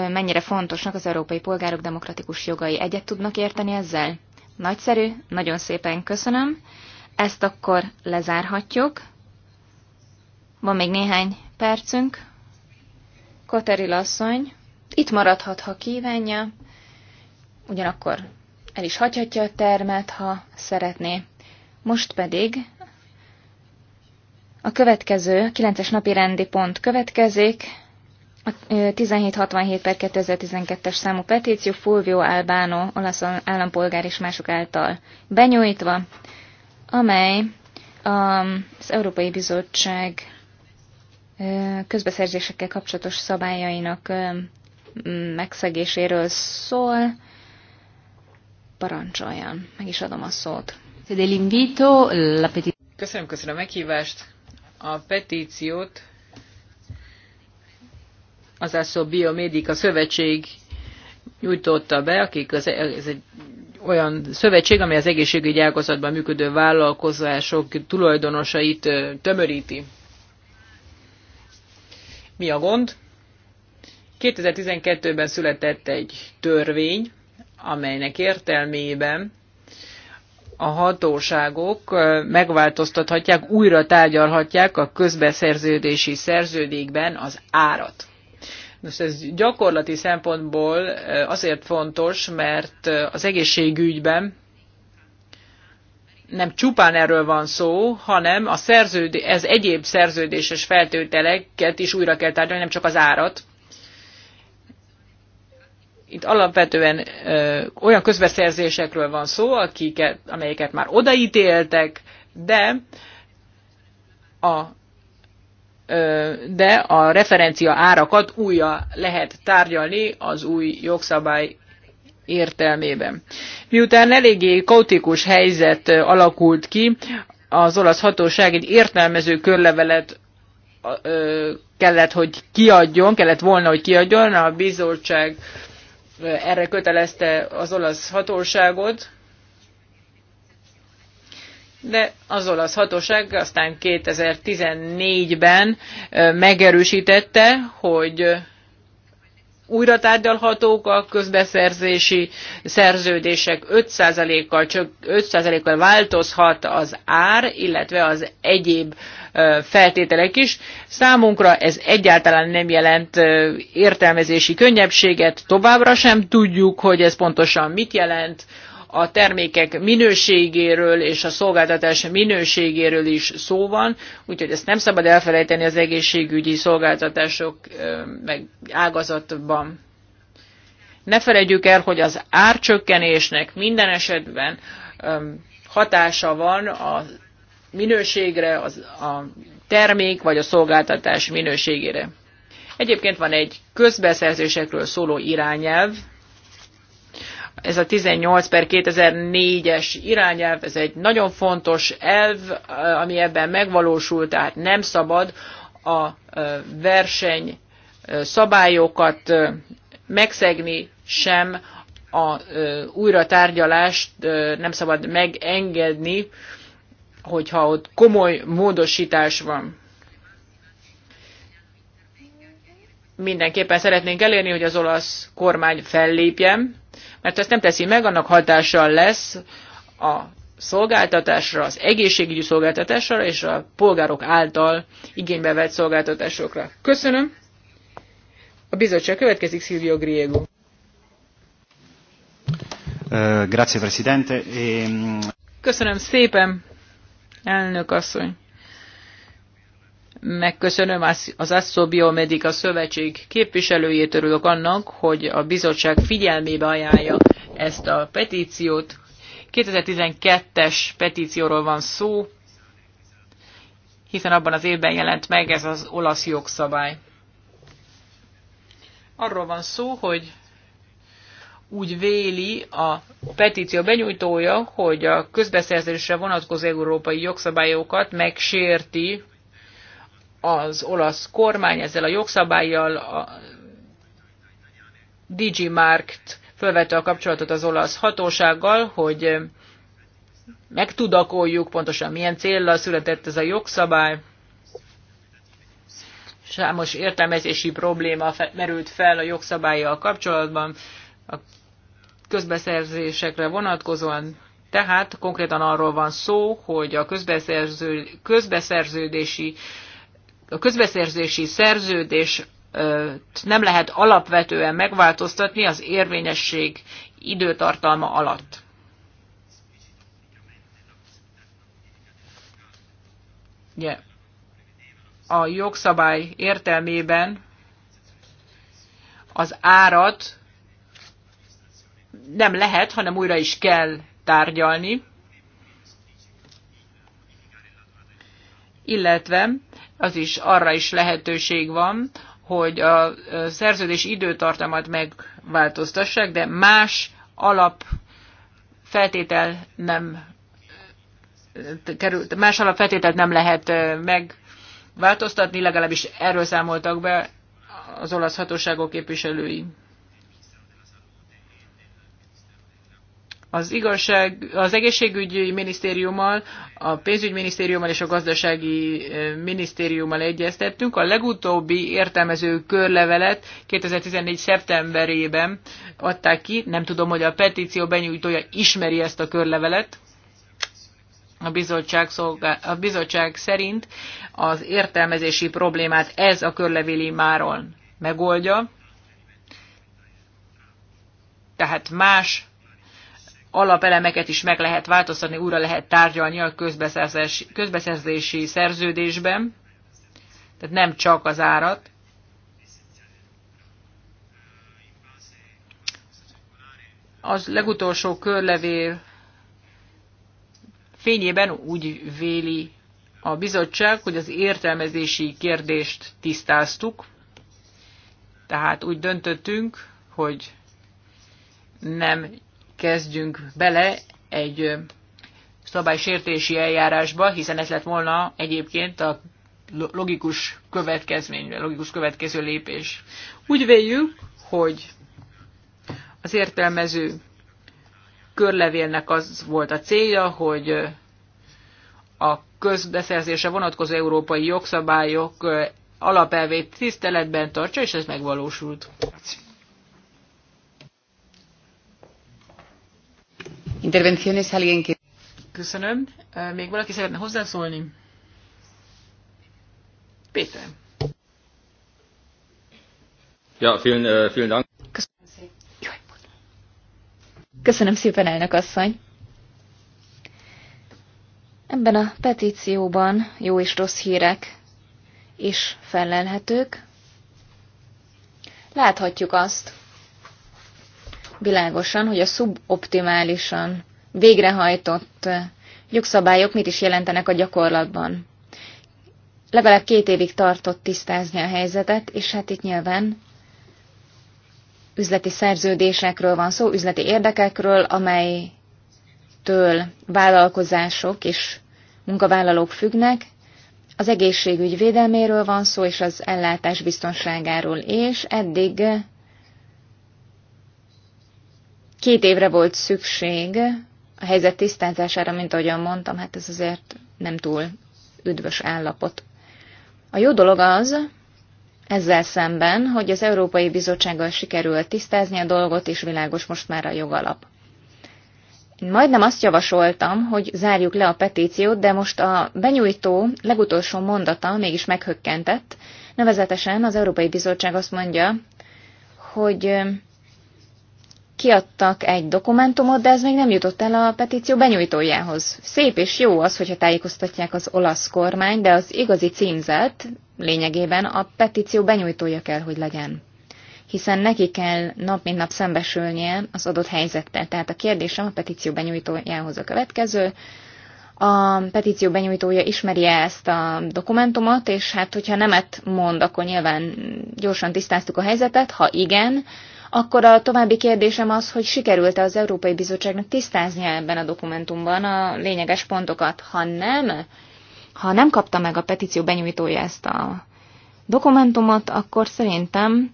Speaker 1: mennyire fontosnak az európai polgárok demokratikus jogai. Egyet tudnak érteni ezzel? Nagyszerű, nagyon szépen köszönöm. Ezt akkor lezárhatjuk. Van még néhány percünk. Kateri asszony itt maradhat, ha kívánja. Ugyanakkor el is hagyhatja a termet, ha szeretné. Most pedig a következő, 9-es napi rendi pont következik, a 1767 per 2012-es számú petíció Fulvio Albano, olasz állampolgár és mások által benyújtva, amely az Európai Bizottság közbeszerzésekkel kapcsolatos szabályainak megszegéséről szól, parancsoljon. Meg is adom a szót.
Speaker 2: Köszönöm, köszönöm a meghívást. A petíciót az ASZO biomédika Szövetség nyújtotta be, akik az, ez egy olyan szövetség, ami az egészségügyi ágazatban működő vállalkozások tulajdonosait tömöríti. Mi a gond? 2012-ben született egy törvény, amelynek értelmében a hatóságok megváltoztathatják, újra tárgyalhatják a közbeszerződési szerződékben az árat. Most ez gyakorlati szempontból azért fontos, mert az egészségügyben nem csupán erről van szó, hanem a szerződés, ez egyéb szerződéses feltételeket is újra kell tárgyalni, nem csak az árat itt alapvetően ö, olyan közbeszerzésekről van szó, akiket, amelyeket már odaítéltek, de a, ö, de a referencia árakat újra lehet tárgyalni az új jogszabály értelmében. Miután eléggé kaotikus helyzet alakult ki, az olasz hatóság egy értelmező körlevelet ö, kellett, hogy kiadjon, kellett volna, hogy kiadjon, a bizottság erre kötelezte az olasz hatóságot, de az olasz hatóság aztán 2014-ben megerősítette, hogy újra tárgyalhatók a közbeszerzési szerződések 5%-kal, csak 5%-kal változhat az ár, illetve az egyéb feltételek is. Számunkra ez egyáltalán nem jelent értelmezési könnyebbséget, továbbra sem tudjuk, hogy ez pontosan mit jelent, a termékek minőségéről és a szolgáltatás minőségéről is szó van, úgyhogy ezt nem szabad elfelejteni az egészségügyi szolgáltatások meg ágazatban. Ne felejtjük el, hogy az árcsökkenésnek minden esetben hatása van a minőségre, az, a termék vagy a szolgáltatás minőségére. Egyébként van egy közbeszerzésekről szóló irányelv, ez a 18 per 2004-es irányelv, ez egy nagyon fontos elv, ami ebben megvalósult, tehát nem szabad a verseny szabályokat megszegni sem, a újra tárgyalást nem szabad megengedni, hogyha ott komoly módosítás van. Mindenképpen szeretnénk elérni, hogy az olasz kormány fellépjen, mert ha ezt nem teszi meg, annak hatással lesz a szolgáltatásra, az egészségügyi szolgáltatásra és a polgárok által igénybe vett szolgáltatásokra. Köszönöm. A bizottság következik Silvio Griego.
Speaker 1: Eh, grazie, Presidente. Ehm,
Speaker 2: Köszönöm szépen, elnök asszony megköszönöm az Asso Biomedica Szövetség képviselőjét, örülök annak, hogy a bizottság figyelmébe ajánlja ezt a petíciót. 2012-es petícióról van szó, hiszen abban az évben jelent meg ez az olasz jogszabály. Arról van szó, hogy úgy véli a petíció benyújtója, hogy a közbeszerzésre vonatkozó európai jogszabályokat megsérti az olasz kormány ezzel a jogszabályjal a DigiMarkt felvette fölvette a kapcsolatot az olasz hatósággal, hogy megtudakoljuk pontosan milyen célra született ez a jogszabály. Számos értelmezési probléma merült fel a jogszabályjal kapcsolatban a közbeszerzésekre vonatkozóan. Tehát konkrétan arról van szó, hogy a közbeszerző, közbeszerződési a közbeszerzési szerződés nem lehet alapvetően megváltoztatni az érvényesség időtartalma alatt. a jogszabály értelmében az árat nem lehet, hanem újra is kell tárgyalni, illetve az is arra is lehetőség van, hogy a szerződés időtartamát megváltoztassák, de más alap feltétel nem került, más alapfeltételt nem lehet megváltoztatni, legalábbis erről számoltak be az olasz hatóságok képviselői. az, igazság, az egészségügyi minisztériummal, a pénzügyminisztériummal és a gazdasági eh, minisztériummal egyeztettünk. A legutóbbi értelmező körlevelet 2014. szeptemberében adták ki. Nem tudom, hogy a petíció benyújtója ismeri ezt a körlevelet. A bizottság, szolgál, a bizottság szerint az értelmezési problémát ez a körlevéli máron megoldja, tehát más alapelemeket is meg lehet változtatni, újra lehet tárgyalni a közbeszerzési, közbeszerzési szerződésben, tehát nem csak az árat. Az legutolsó körlevél fényében úgy véli a bizottság, hogy az értelmezési kérdést tisztáztuk, tehát úgy döntöttünk, hogy nem kezdjünk bele egy szabálysértési eljárásba, hiszen ez lett volna egyébként a logikus következmény, logikus következő lépés. Úgy véljük, hogy az értelmező körlevélnek az volt a célja, hogy a közbeszerzése vonatkozó európai jogszabályok alapelvét tiszteletben tartsa, és ez megvalósult. Intervenciones alguien que... Köszönöm. Még valaki szeretne hozzászólni? Péter. Ja, vielen, vielen Dank. Köszönöm szépen.
Speaker 1: Köszönöm szépen, elnök asszony. Ebben a petícióban jó és rossz hírek is felelhetők. Láthatjuk azt, világosan, hogy a szuboptimálisan végrehajtott jogszabályok mit is jelentenek a gyakorlatban. Legalább két évig tartott tisztázni a helyzetet, és hát itt nyilván üzleti szerződésekről van szó, üzleti érdekekről, amelytől vállalkozások és munkavállalók függnek, az egészségügy védelméről van szó, és az ellátás biztonságáról, és eddig Két évre volt szükség a helyzet tisztázására, mint ahogyan mondtam, hát ez azért nem túl üdvös állapot. A jó dolog az, ezzel szemben, hogy az Európai Bizottsággal sikerült tisztázni a dolgot, és világos most már a jogalap. Én majdnem azt javasoltam, hogy zárjuk le a petíciót, de most a benyújtó legutolsó mondata mégis meghökkentett, nevezetesen az Európai Bizottság azt mondja, hogy kiadtak egy dokumentumot, de ez még nem jutott el a petíció benyújtójához. Szép és jó az, hogyha tájékoztatják az olasz kormány, de az igazi címzet lényegében a petíció benyújtója kell, hogy legyen. Hiszen neki kell nap mint nap szembesülnie az adott helyzettel. Tehát a kérdésem a petíció benyújtójához a következő. A petíció benyújtója ismeri -e ezt a dokumentumot, és hát hogyha nemet mond, akkor nyilván gyorsan tisztáztuk a helyzetet, ha igen, akkor a további kérdésem az, hogy sikerült-e az Európai Bizottságnak tisztáznia ebben a dokumentumban a lényeges pontokat. Ha nem, ha nem kapta meg a petíció benyújtója ezt a dokumentumot, akkor szerintem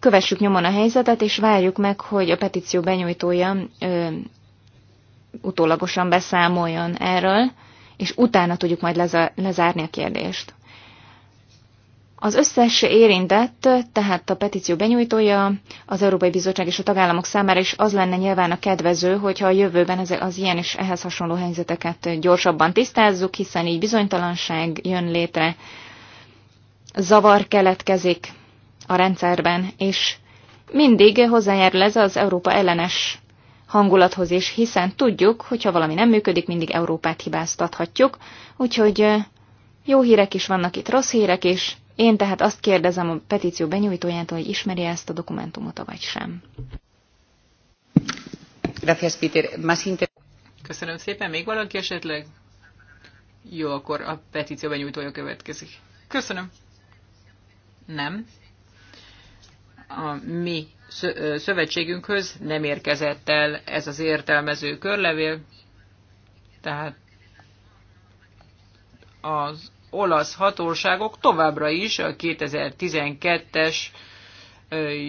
Speaker 1: kövessük nyomon a helyzetet, és várjuk meg, hogy a petíció benyújtója ö, utólagosan beszámoljon erről, és utána tudjuk majd lezárni a kérdést. Az összes érintett, tehát a petíció benyújtója, az Európai Bizottság és a tagállamok számára is az lenne nyilván a kedvező, hogyha a jövőben az, az ilyen és ehhez hasonló helyzeteket gyorsabban tisztázzuk, hiszen így bizonytalanság jön létre, zavar keletkezik a rendszerben, és mindig hozzájárul ez az Európa ellenes hangulathoz is, hiszen tudjuk, hogyha valami nem működik, mindig Európát hibáztathatjuk, úgyhogy jó hírek is vannak itt, rossz hírek is, én tehát azt kérdezem a petíció benyújtójától, hogy ismeri ezt a dokumentumot, vagy sem. Gracias,
Speaker 2: Peter. Más inter... Köszönöm szépen. Még valaki esetleg? Jó, akkor a petíció benyújtója következik. Köszönöm. Nem. A mi szövetségünkhöz nem érkezett el ez az értelmező körlevél, tehát az olasz hatóságok továbbra is a 2012-es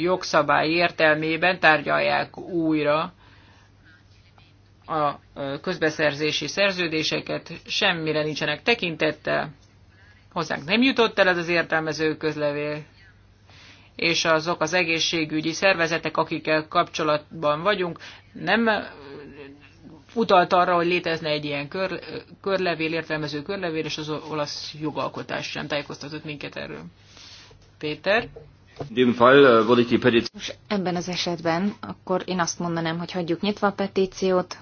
Speaker 2: jogszabály értelmében tárgyalják újra a közbeszerzési szerződéseket, semmire nincsenek tekintettel, hozzánk nem jutott el ez az értelmező közlevél, és azok az egészségügyi szervezetek, akikkel kapcsolatban vagyunk, nem utalt arra, hogy létezne egy ilyen kör, körlevél, értelmező körlevél, és az olasz jogalkotás sem tájékoztatott minket erről. Péter?
Speaker 3: Most äh,
Speaker 1: ebben az esetben akkor én azt mondanám, hogy hagyjuk nyitva a petíciót,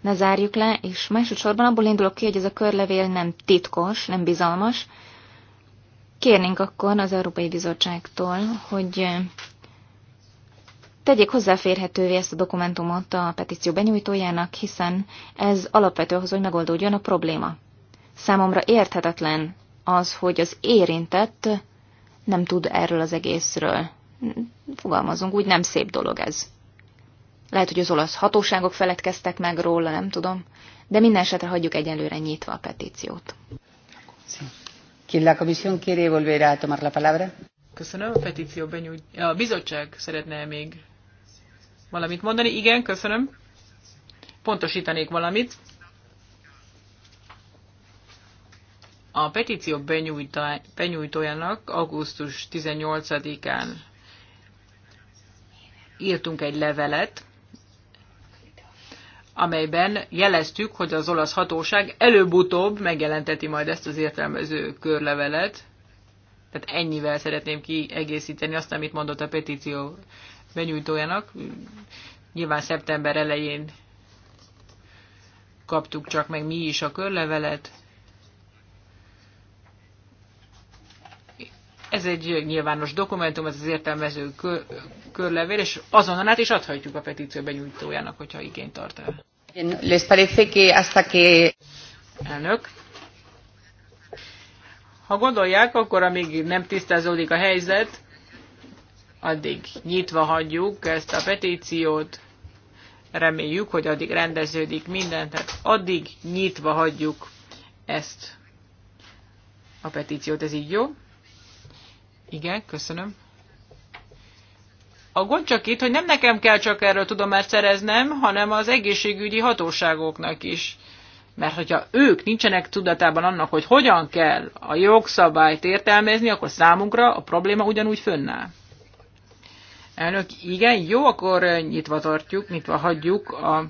Speaker 1: ne zárjuk le, és másodszorban abból indulok ki, hogy ez a körlevél nem titkos, nem bizalmas. Kérnénk akkor az Európai Bizottságtól, hogy Tegyék hozzáférhetővé ezt a dokumentumot a petíció benyújtójának, hiszen ez alapvető ahhoz, hogy megoldódjon a probléma. Számomra érthetetlen az, hogy az érintett nem tud erről az egészről. Fogalmazunk, úgy nem szép dolog ez. Lehet, hogy az olasz hatóságok feledkeztek meg róla, nem tudom, de minden esetre hagyjuk egyelőre nyitva a petíciót.
Speaker 2: Köszönöm, a petíció benyújt... A bizottság szeretne még valamit mondani? Igen, köszönöm. Pontosítanék valamit. A petíció benyújtójának augusztus 18-án írtunk egy levelet, amelyben jeleztük, hogy az olasz hatóság előbb-utóbb megjelenteti majd ezt az értelmező körlevelet. Tehát ennyivel szeretném kiegészíteni azt, amit mondott a petíció benyújtójának. Nyilván szeptember elején kaptuk csak meg mi is a körlevelet. Ez egy nyilvános dokumentum, ez az értelmező kör, körlevél, és azonnal át is adhatjuk a petíció benyújtójának, hogyha igényt tart el. Les
Speaker 3: parece que hasta que...
Speaker 2: Elnök. Ha gondolják, akkor amíg nem tisztázódik a helyzet, addig nyitva hagyjuk ezt a petíciót, reméljük, hogy addig rendeződik minden, tehát addig nyitva hagyjuk ezt a petíciót, ez így jó? Igen, köszönöm. A gond csak itt, hogy nem nekem kell csak erről tudomást szereznem, hanem az egészségügyi hatóságoknak is. Mert hogyha ők nincsenek tudatában annak, hogy hogyan kell a jogszabályt értelmezni, akkor számunkra a probléma ugyanúgy fönnáll. Elnök, igen, jó, akkor nyitva tartjuk, nyitva hagyjuk a,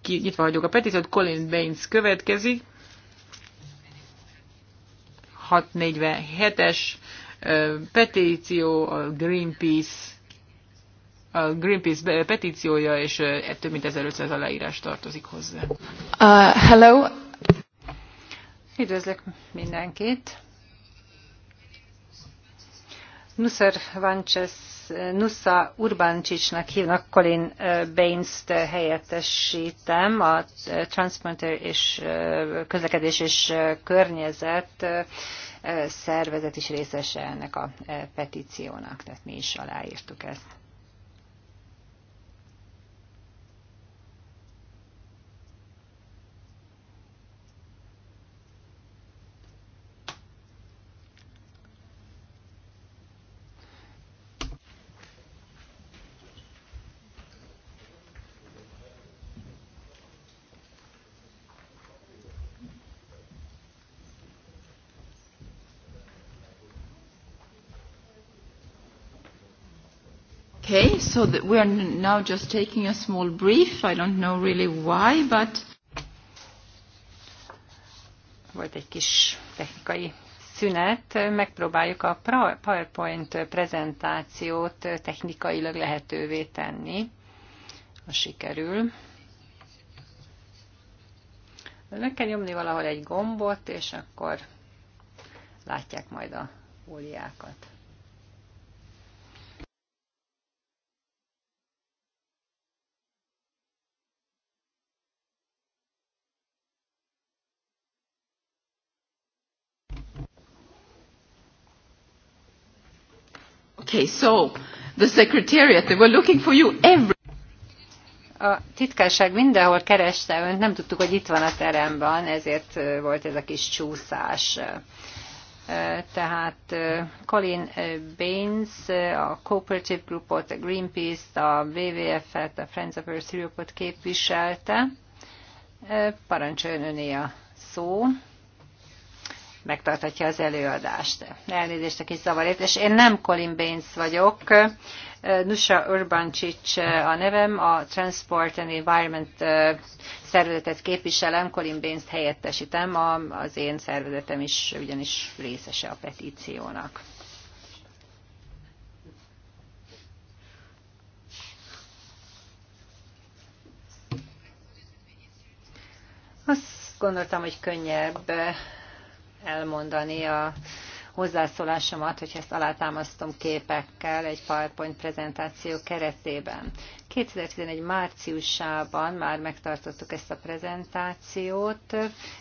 Speaker 2: ki, nyitva hagyjuk a petíciót. Colin Baines következik. 647-es petíció, a Greenpeace a Greenpeace petíciója, és e, több mint 1500 aláírás tartozik hozzá.
Speaker 3: Uh, hello! Üdvözlök mindenkit! Nusser Vances, Nussa Urbáncsicsnak hívnak, Colin eh, Baines-t helyettesítem, a eh, Transplanter és eh, közlekedés és környezet szervezet is részese ennek a petíciónak, tehát mi is aláírtuk ezt. so that we are now just taking a small brief. I don't know really why, but... Volt egy kis technikai szünet, megpróbáljuk a PowerPoint prezentációt technikailag lehetővé tenni, ha sikerül. Meg kell nyomni valahol egy gombot, és akkor látják majd a óliákat.
Speaker 1: Okay,
Speaker 2: so the secretariat, they were looking for you every...
Speaker 3: A titkárság mindenhol kereste önt, nem tudtuk, hogy itt van a teremben, ezért volt ez a kis csúszás. Tehát Colin Baines, a Cooperative Groupot, a Greenpeace-t, a WWF-et, a Friends of Earth Europe-ot képviselte. Parancsoljon öné a szó megtartatja az előadást. Elnézést a kis zavarért, és én nem Colin Baines vagyok, Nusa Urbancsics a nevem, a Transport and Environment szervezetet képviselem, Colin baines helyettesítem, az én szervezetem is ugyanis részese a petíciónak. Azt gondoltam, hogy könnyebb elmondani a hozzászólásomat, hogy ezt alátámasztom képekkel egy PowerPoint prezentáció keretében. 2011 márciusában már megtartottuk ezt a prezentációt,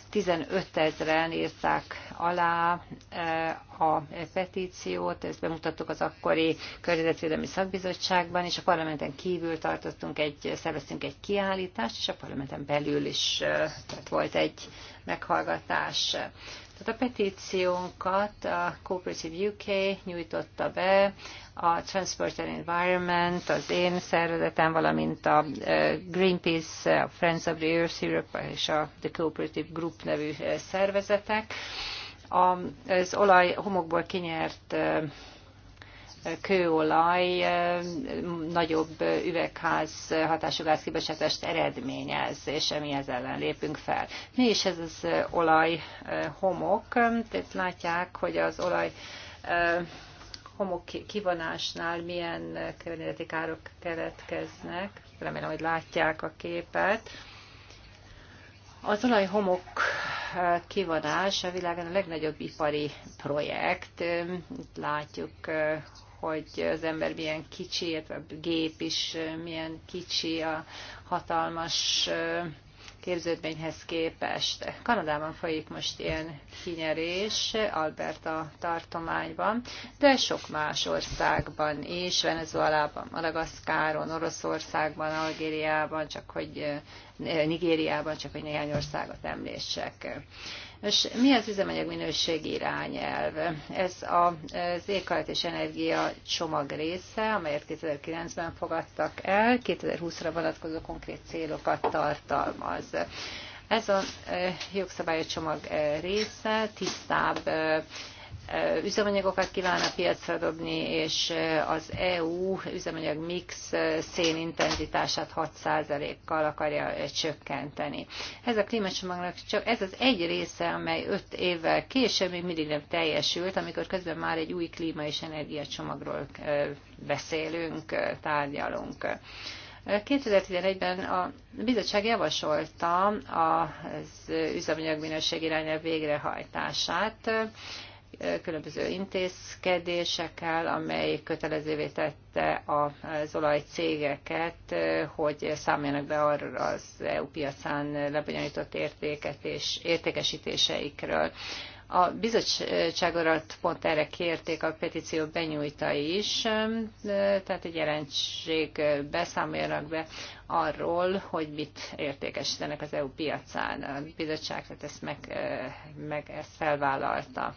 Speaker 3: 15 ezeren írták alá eh, a petíciót, ezt bemutattuk az akkori Környezetvédelmi Szakbizottságban, és a parlamenten kívül tartottunk egy, szerveztünk egy kiállítást, és a parlamenten belül is eh, tehát volt egy meghallgatás. Tehát a petíciónkat a Cooperative UK nyújtotta be a Transport and Environment, az én szervezetem, valamint a Greenpeace, a Friends of the Earth Europe és a The Cooperative Group nevű szervezetek. Az olaj homokból kinyert kőolaj nagyobb üvegház hatású gázkibocsátást eredményez, és mi ez ellen lépünk fel. Mi is ez az olaj homok? Tehát látják, hogy az olaj homok kivonásnál milyen környezeti károk keletkeznek. Remélem, hogy látják a képet. Az olajhomok kivonás a világon a legnagyobb ipari projekt. Itt látjuk, hogy az ember milyen kicsi, a gép is milyen kicsi, a hatalmas képződményhez képest. Kanadában folyik most ilyen kinyerés, Alberta tartományban, de sok más országban is, Venezuelában, Madagaszkáron, Oroszországban, Algériában, csak hogy Nigériában, csak hogy néhány országot említsek. Nos, mi az üzemanyag minőségi irányelv? Ez az éghajlat és energia csomag része, amelyet 2009-ben fogadtak el, 2020-ra vonatkozó konkrét célokat tartalmaz. Ez a eh, csomag eh, része tisztább eh, üzemanyagokat kíván a piacra dobni, és az EU üzemanyag mix szénintenzitását 6%-kal akarja csökkenteni. Ez a klímacsomagnak csak ez az egy része, amely 5 évvel később még mindig nem teljesült, amikor közben már egy új klíma és energiacsomagról beszélünk, tárgyalunk. 2011-ben a bizottság javasolta az üzemanyag minőség irányelv végrehajtását, különböző intézkedésekkel, amely kötelezővé tette az olajcégeket, hogy számoljanak be arra az EU piacán lebonyolított értéket és értékesítéseikről. A bizottságorat pont erre kérték a petíció benyújta is, tehát egy jelentség beszámoljanak be arról, hogy mit értékesítenek az EU piacán. A bizottság tehát ezt, meg, meg ezt felvállalta.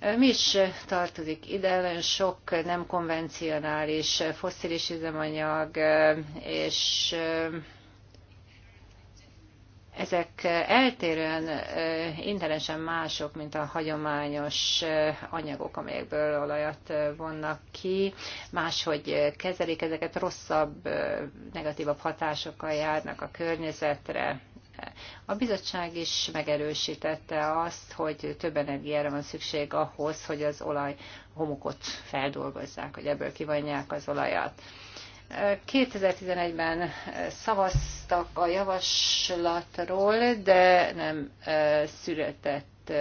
Speaker 3: Mi is tartozik ide, nagyon sok nem konvencionális fosszilis üzemanyag, és eh, ezek eltérően eh, intenesen mások, mint a hagyományos eh, anyagok, amelyekből olajat vonnak ki. Máshogy kezelik ezeket, rosszabb, negatívabb hatásokkal járnak a környezetre. A bizottság is megerősítette azt, hogy több energiára van szükség ahhoz, hogy az olaj homokot feldolgozzák, hogy ebből kivonják az olajat. 2011-ben szavaztak a javaslatról, de nem született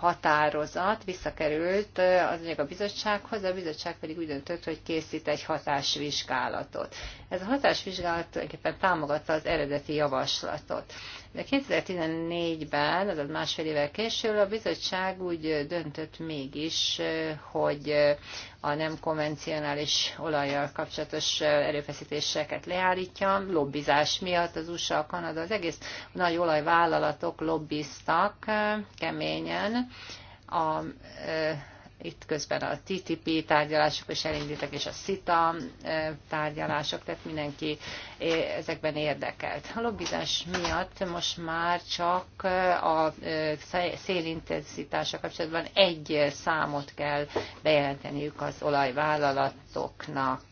Speaker 3: határozat visszakerült az anyag a bizottsághoz, a bizottság pedig úgy döntött, hogy készít egy hatásvizsgálatot. Ez a hatásvizsgálat tulajdonképpen támogatta az eredeti javaslatot. De 2014-ben, azaz másfél évvel később a bizottság úgy döntött mégis, hogy a nem konvencionális olajjal kapcsolatos erőfeszítéseket leállítja, lobbizás miatt az USA, Kanada, az egész nagy olajvállalatok lobbiztak keményen a itt közben a TTP tárgyalások is elindítak, és a Sita e, tárgyalások, tehát mindenki e, ezekben érdekelt. A lobbizás miatt most már csak e, a szélintenzitása kapcsolatban egy számot kell bejelenteniük az olajvállalatoknak.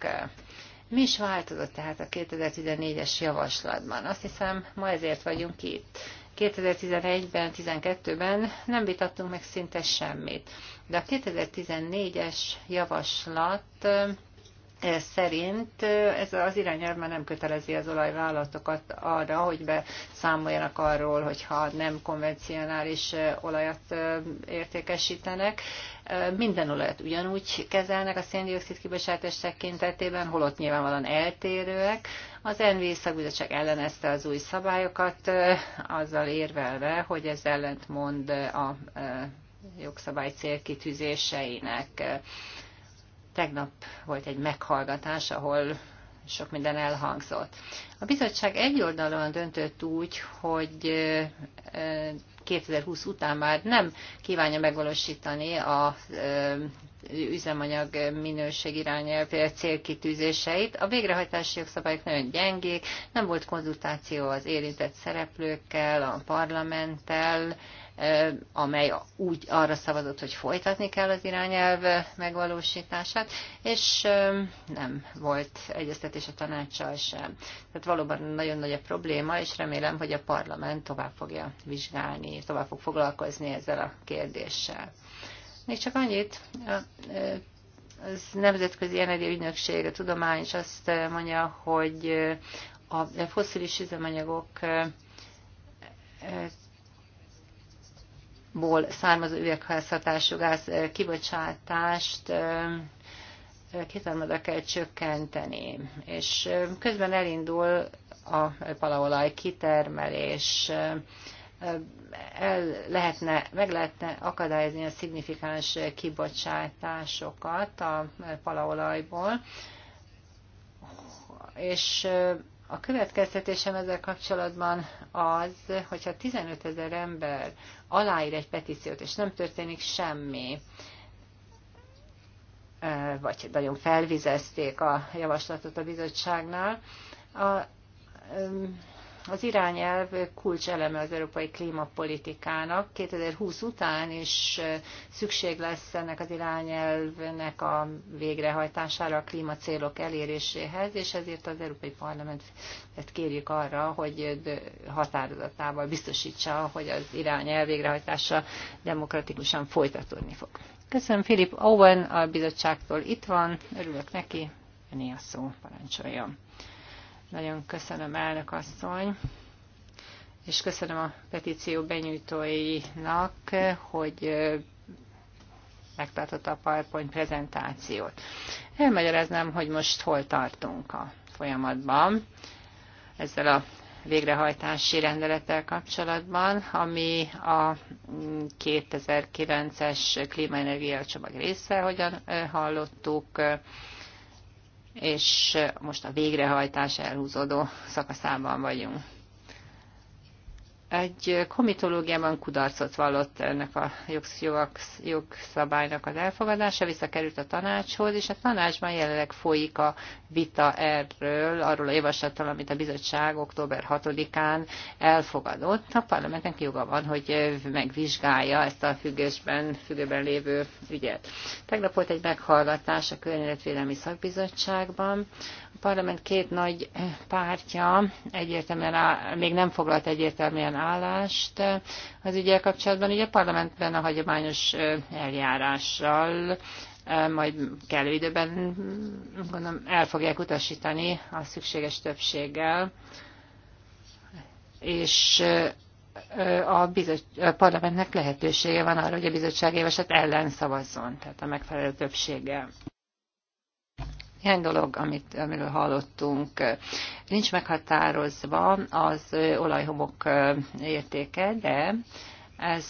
Speaker 3: Mi is változott tehát a 2014-es javaslatban? Azt hiszem, ma ezért vagyunk itt. 2011-ben, 12-ben nem vitattunk meg szinte semmit. De a 2014-es javaslat szerint ez az irányelv már nem kötelezi az olajvállalatokat arra, hogy beszámoljanak arról, hogyha nem konvencionális olajat értékesítenek minden olajat ugyanúgy kezelnek a széndiokszid kibocsátás tekintetében, holott nyilvánvalóan eltérőek. Az NV szakbizottság ellenezte az új szabályokat, azzal érvelve, hogy ez ellentmond a jogszabály célkitűzéseinek. Tegnap volt egy meghallgatás, ahol sok minden elhangzott. A bizottság egyoldalúan döntött úgy, hogy 2020 után már nem kívánja megvalósítani a üzemanyag minőség irányelv célkitűzéseit. A végrehajtási jogszabályok nagyon gyengék, nem volt konzultáció az érintett szereplőkkel, a parlamenttel, Eh, amely úgy arra szavazott, hogy folytatni kell az irányelv eh, megvalósítását, és eh, nem volt egyeztetés a tanácssal sem. Tehát valóban nagyon nagy a probléma, és remélem, hogy a parlament tovább fogja vizsgálni, tovább fog foglalkozni ezzel a kérdéssel. Még csak annyit, az Nemzetközi Ügynökség, a tudomány is azt mondja, hogy a fosszilis üzemanyagok ból származó üvegházhatású gáz kibocsátást kétharmada kell csökkenteni, és közben elindul a palaolaj kitermelés, el lehetne, meg lehetne akadályozni a szignifikáns kibocsátásokat a palaolajból, és a következtetésem ezzel kapcsolatban az, hogyha 15 ezer ember aláír egy petíciót, és nem történik semmi, vagy nagyon felvizezték a javaslatot a bizottságnál, a, az irányelv kulcseleme az európai klímapolitikának. 2020 után is szükség lesz ennek az irányelvnek a végrehajtására a klímacélok eléréséhez, és ezért az Európai ezt kérjük arra, hogy határozatával biztosítsa, hogy az irányelv végrehajtása demokratikusan folytatódni fog. Köszönöm Filip, Owen a bizottságtól itt van, örülök neki, öné a szó, parancsoljon. Nagyon köszönöm, elnök asszony, és köszönöm a petíció benyújtóinak, hogy megtartotta a PowerPoint prezentációt. Elmagyaráznám, hogy most hol tartunk a folyamatban ezzel a végrehajtási rendelettel kapcsolatban, ami a 2009-es klímaenergia csomag része, hogyan hallottuk, és most a végrehajtás elhúzódó szakaszában vagyunk egy komitológiában kudarcot vallott ennek a jogszabálynak az elfogadása, visszakerült a tanácshoz, és a tanácsban jelenleg folyik a vita erről, arról a javaslattal, amit a bizottság október 6-án elfogadott. A parlamentnek joga van, hogy megvizsgálja ezt a függésben, függőben lévő ügyet. Tegnap volt egy meghallgatás a Környezetvédelmi Szakbizottságban, a parlament két nagy pártja egyértelműen áll, még nem foglalt egyértelműen állást az ügyel kapcsolatban. Ugye a parlamentben a hagyományos eljárással majd kellő időben gondolom el fogják utasítani a szükséges többséggel, és a, bizot, a parlamentnek lehetősége van arra, hogy a bizottság éveset ellen szavazzon, tehát a megfelelő többséggel. Néhány dolog, amit, amiről hallottunk. Nincs meghatározva az olajhomok értéke, de ez,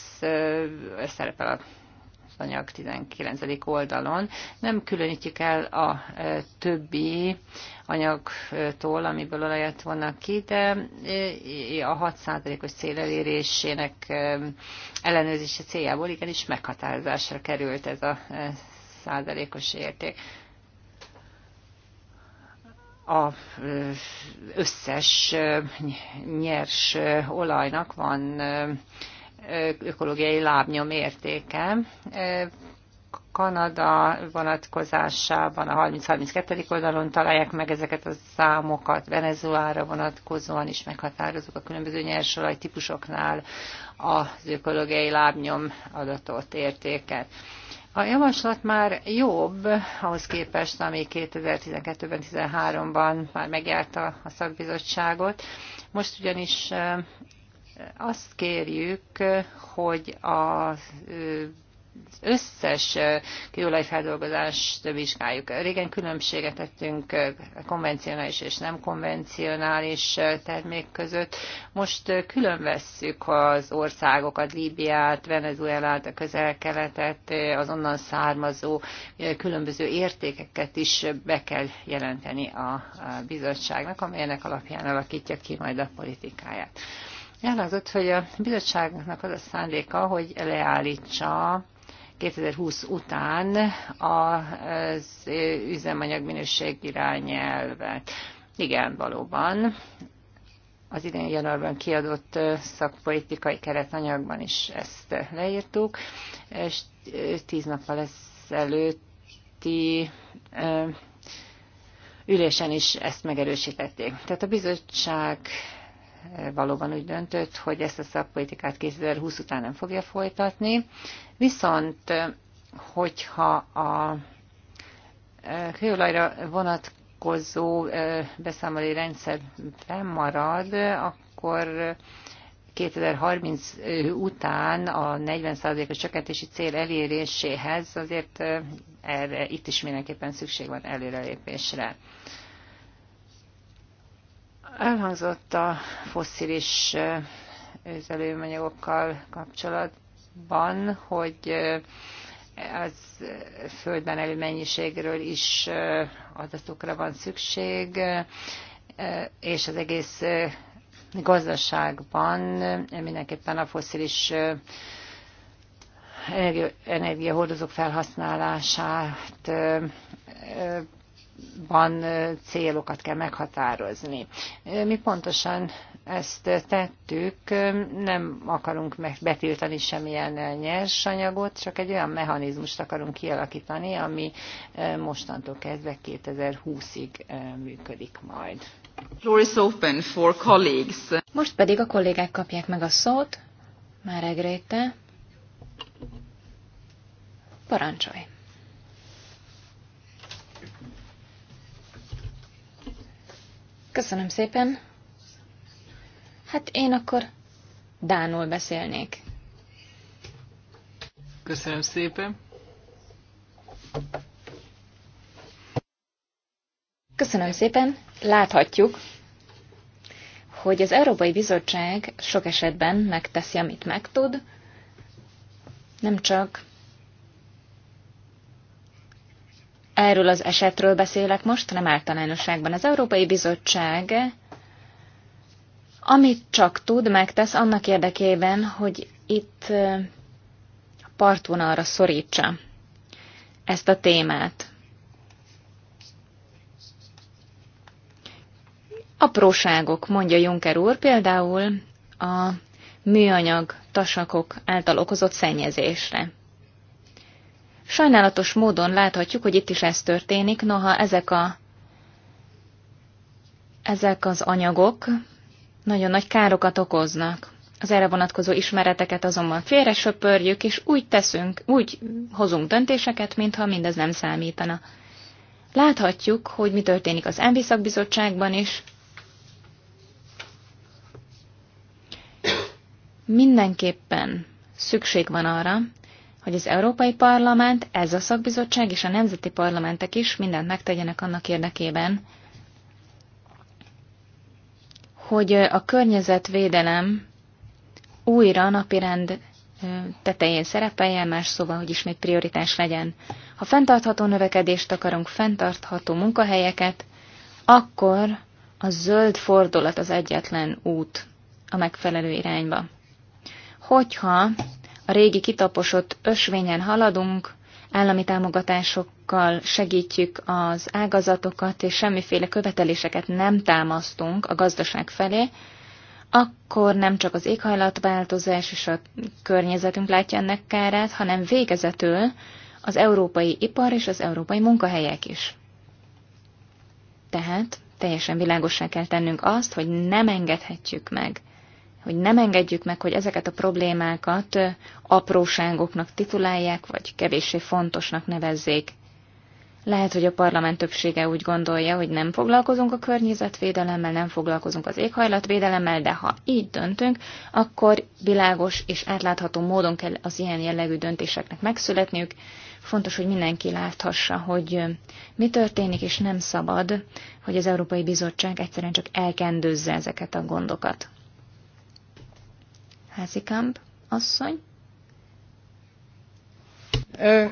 Speaker 3: ez szerepel a anyag 19. oldalon. Nem különítjük el a többi anyagtól, amiből olajat vonnak ki, de a 6%-os cél elérésének ellenőrzése céljából igenis meghatározásra került ez a százalékos érték a összes nyers olajnak van ökológiai lábnyom értéke. Kanada vonatkozásában a 30-32. oldalon találják meg ezeket a számokat, Venezuela vonatkozóan is meghatározunk a különböző nyersolaj típusoknál az ökológiai lábnyom adatot, értéket. A javaslat már jobb ahhoz képest, ami 2012-ben, 13-ban már megjárta a szakbizottságot. Most ugyanis azt kérjük, hogy a összes kőolajfeldolgozást vizsgáljuk. Régen különbséget tettünk konvencionális és nem konvencionális termék között. Most külön vesszük az országokat, Líbiát, Venezuelát, a közel-keletet, az onnan származó különböző értékeket is be kell jelenteni a bizottságnak, amelynek alapján alakítja ki majd a politikáját. Elhangzott, hogy a bizottságnak az a szándéka, hogy leállítsa 2020 után az üzemanyag minőség irányelvet. Igen, valóban. Az idén januárban kiadott szakpolitikai keretanyagban is ezt leírtuk, és tíz nappal ezelőtti ülésen is ezt megerősítették. Tehát a bizottság valóban úgy döntött, hogy ezt a szakpolitikát 2020 után nem fogja folytatni, Viszont, hogyha a kőolajra vonatkozó beszámolói rendszer fennmarad, akkor 2030 után a 40%-os csökkentési cél eléréséhez azért erre, itt is mindenképpen szükség van előrelépésre. Elhangzott a fosszilis üzelőanyagokkal kapcsolatban, van, hogy az földben elő mennyiségről is adatokra van szükség, és az egész gazdaságban mindenképpen a foszilis energiahordozók felhasználását van célokat kell meghatározni. Mi pontosan ezt tettük, nem akarunk betiltani semmilyen nyersanyagot, csak egy olyan mechanizmust akarunk kialakítani, ami e, mostantól kezdve 2020-ig e, működik majd. Floor is open
Speaker 1: for colleagues. Most pedig a kollégák kapják meg a szót. Már egréte. Parancsolj! Köszönöm szépen! Hát én akkor Dánul beszélnék.
Speaker 2: Köszönöm szépen.
Speaker 1: Köszönöm szépen. Láthatjuk, hogy az Európai Bizottság sok esetben megteszi, amit megtud, nem csak erről az esetről beszélek most, hanem általánosságban. Az Európai Bizottság amit csak tud, megtesz annak érdekében, hogy itt a partvonalra szorítsa ezt a témát. Apróságok, mondja Juncker úr, például a műanyag tasakok által okozott szennyezésre. Sajnálatos módon láthatjuk, hogy itt is ez történik, noha ezek, a, ezek az anyagok nagyon nagy károkat okoznak. Az erre vonatkozó ismereteket azonban félre söpörjük, és úgy teszünk, úgy hozunk döntéseket, mintha mindez nem számítana. Láthatjuk, hogy mi történik az MV szakbizottságban is. Mindenképpen szükség van arra, hogy az Európai Parlament, ez a szakbizottság és a nemzeti parlamentek is mindent megtegyenek annak érdekében, hogy a környezetvédelem újra napirend tetején szerepeljen, más szóval, hogy ismét prioritás legyen. Ha fenntartható növekedést akarunk, fenntartható munkahelyeket, akkor a zöld fordulat az egyetlen út a megfelelő irányba. Hogyha a régi kitaposott ösvényen haladunk, állami támogatásokkal segítjük az ágazatokat, és semmiféle követeléseket nem támasztunk a gazdaság felé, akkor nem csak az éghajlatváltozás és a környezetünk látja ennek kárát, hanem végezetül az európai ipar és az európai munkahelyek is. Tehát teljesen világosá kell tennünk azt, hogy nem engedhetjük meg hogy nem engedjük meg, hogy ezeket a problémákat apróságoknak titulálják, vagy kevéssé fontosnak nevezzék. Lehet, hogy a parlament többsége úgy gondolja, hogy nem foglalkozunk a környezetvédelemmel, nem foglalkozunk az éghajlatvédelemmel, de ha így döntünk, akkor világos és átlátható módon kell az ilyen jellegű döntéseknek megszületniük. Fontos, hogy mindenki láthassa, hogy mi történik, és nem szabad, hogy az Európai Bizottság egyszerűen csak elkendőzze ezeket a gondokat. Házikamp asszony.
Speaker 3: Ö...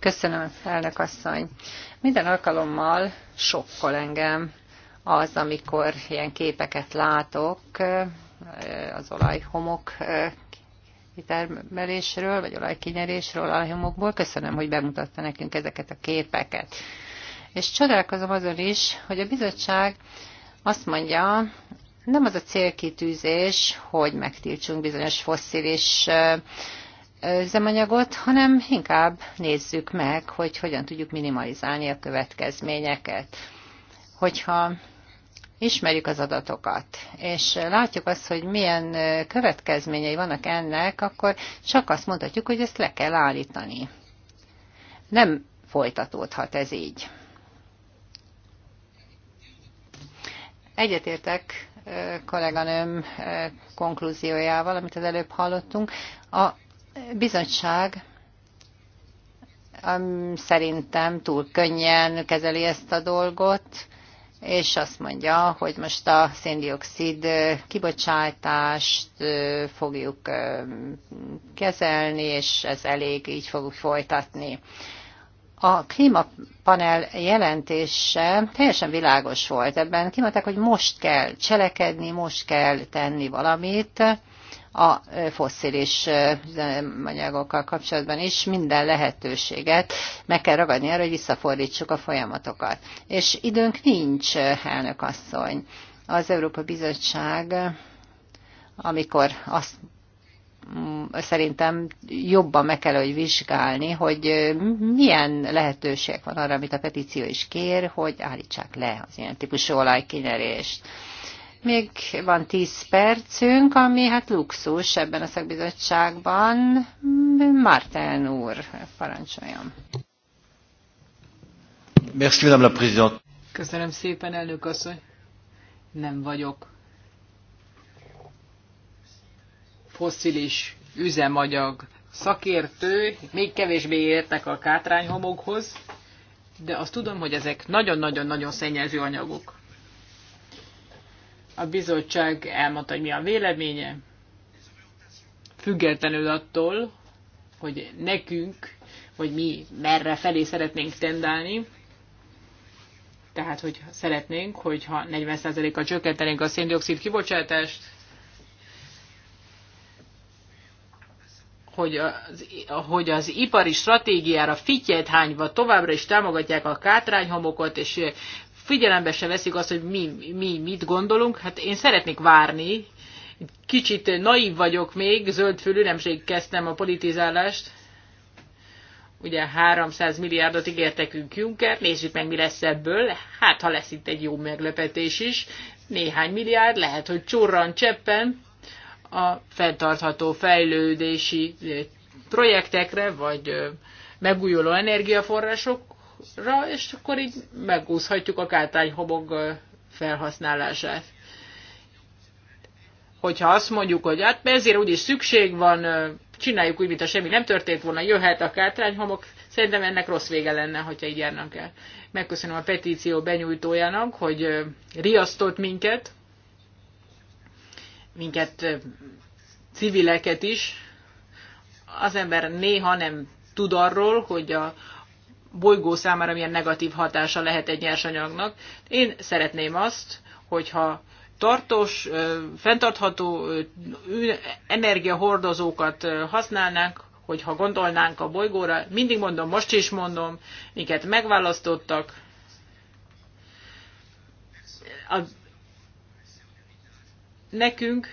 Speaker 3: Köszönöm, elnök asszony. Minden alkalommal sokkol engem az, amikor ilyen képeket látok az olajhomok kitermelésről, vagy olajkinyerésről, olajhomokból. Köszönöm, hogy bemutatta nekünk ezeket a képeket. És csodálkozom azon is, hogy a bizottság azt mondja, nem az a célkitűzés, hogy megtiltsunk bizonyos fosszilis üzemanyagot, hanem inkább nézzük meg, hogy hogyan tudjuk minimalizálni a következményeket. Hogyha ismerjük az adatokat, és látjuk azt, hogy milyen következményei vannak ennek, akkor csak azt mondhatjuk, hogy ezt le kell állítani. Nem folytatódhat ez így. Egyetértek kolléganőm konklúziójával, amit az előbb hallottunk. A bizottság szerintem túl könnyen kezeli ezt a dolgot, és azt mondja, hogy most a széndiokszid kibocsátást fogjuk kezelni, és ez elég, így fogjuk folytatni. A klímapanel jelentése teljesen világos volt. Ebben kimondták, hogy most kell cselekedni, most kell tenni valamit a fosszilis anyagokkal kapcsolatban is minden lehetőséget meg kell ragadni arra, hogy visszafordítsuk a folyamatokat. És időnk nincs, elnök asszony. Az Európa Bizottság amikor azt szerintem jobban meg kell, hogy vizsgálni, hogy milyen lehetőség van arra, amit a petíció is kér, hogy állítsák le az ilyen típusú olajkinyerést. Még van 10 percünk, ami hát luxus ebben a szakbizottságban. Martin úr, parancsoljon.
Speaker 2: Merci, Madame la Présidente. Köszönöm szépen, elnök asszony. Nem vagyok foszilis üzemanyag szakértő, még kevésbé értek a kátrányhomokhoz, de azt tudom, hogy ezek nagyon-nagyon-nagyon szennyező anyagok. A bizottság elmondta, hogy mi a véleménye, függetlenül attól, hogy nekünk, hogy mi merre felé szeretnénk tendálni, tehát, hogy szeretnénk, hogyha 40%-kal csökkentenénk a széndiokszid kibocsátást, hogy az, hogy az ipari stratégiára fityet hányva továbbra is támogatják a kátrányhomokot, és figyelembe se veszik azt, hogy mi, mi mit gondolunk. Hát én szeretnék várni, kicsit naív vagyok még, zöldfülű, nemrég kezdtem a politizálást. Ugye 300 milliárdot ígértekünk Juncker, nézzük meg, mi lesz ebből. Hát, ha lesz itt egy jó meglepetés is, néhány milliárd, lehet, hogy csurran cseppen, a fenntartható fejlődési eh, projektekre, vagy eh, megújuló energiaforrásokra, és akkor így megúszhatjuk a kátányhomog eh, felhasználását. Hogyha azt mondjuk, hogy hát ezért úgyis szükség van, csináljuk úgy, mintha semmi nem történt volna, jöhet a kátányhomok, szerintem ennek rossz vége lenne, hogyha így járnánk el. Megköszönöm a petíció benyújtójának, hogy riasztott minket, minket civileket is. Az ember néha nem tud arról, hogy a bolygó számára milyen negatív hatása lehet egy nyersanyagnak. Én szeretném azt, hogyha tartós, fenntartható energiahordozókat használnánk, hogyha gondolnánk a bolygóra. Mindig mondom, most is mondom, minket megválasztottak. A nekünk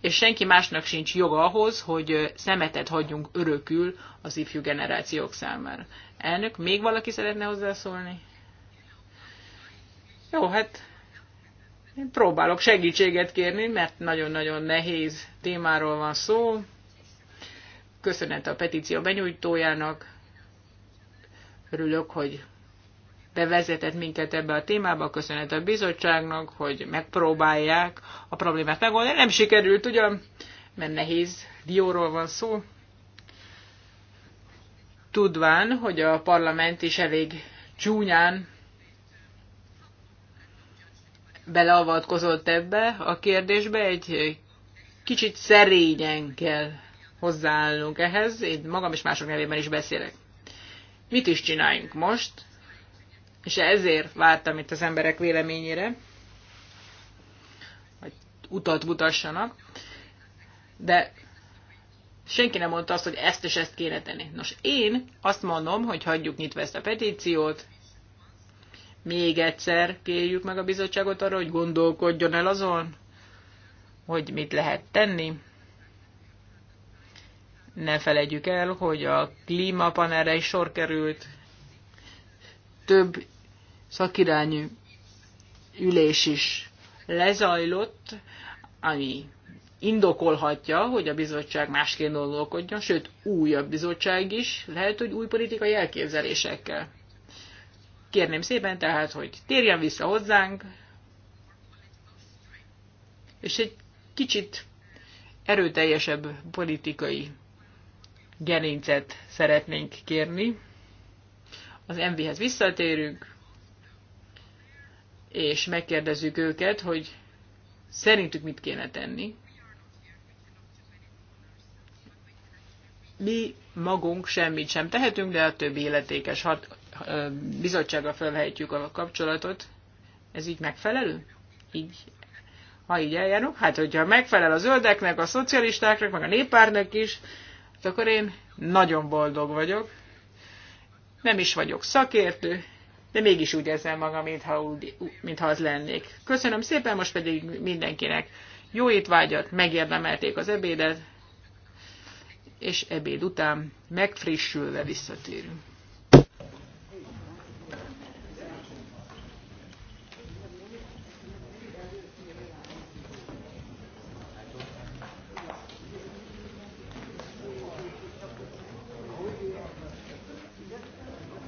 Speaker 2: és senki másnak sincs joga ahhoz, hogy szemetet hagyjunk örökül az ifjú generációk számára. Elnök, még valaki szeretne hozzászólni? Jó, hát én próbálok segítséget kérni, mert nagyon-nagyon nehéz témáról van szó. Köszönet a petíció benyújtójának. Örülök, hogy bevezetett minket ebbe a témába. Köszönet a bizottságnak, hogy megpróbálják a problémát megoldani. Nem sikerült ugyan, mert nehéz dióról van szó. Tudván, hogy a parlament is elég csúnyán beleavatkozott ebbe a kérdésbe, egy kicsit szerényen kell hozzáállnunk ehhez, én magam és mások nevében is beszélek. Mit is csináljunk most? és ezért vártam itt az emberek véleményére, hogy utat mutassanak, de senki nem mondta azt, hogy ezt és ezt kéne tenni. Nos, én azt mondom, hogy hagyjuk nyitva ezt a petíciót, még egyszer kérjük meg a bizottságot arra, hogy gondolkodjon el azon, hogy mit lehet tenni. Ne felejtjük el, hogy a klímapanelre is sor került, több szakirányú ülés is lezajlott, ami indokolhatja, hogy a bizottság másként gondolkodjon, sőt, újabb bizottság is, lehet, hogy új politikai elképzelésekkel. Kérném szépen tehát, hogy térjen vissza hozzánk, és egy kicsit erőteljesebb politikai gerincet szeretnénk kérni. Az MV-hez visszatérünk, és megkérdezzük őket, hogy szerintük mit kéne tenni. Mi magunk semmit sem tehetünk, de a többi illetékes hat, bizottságra felvehetjük a kapcsolatot. Ez így megfelelő? Így ha így eljárunk, hát hogyha megfelel a zöldeknek, a szocialistáknak, meg a néppárnak is, akkor én nagyon boldog vagyok nem is vagyok szakértő, de mégis úgy érzem magam, mintha, úgy, mintha az lennék. Köszönöm szépen, most pedig mindenkinek jó étvágyat, megérdemelték az ebédet, és ebéd után megfrissülve visszatérünk.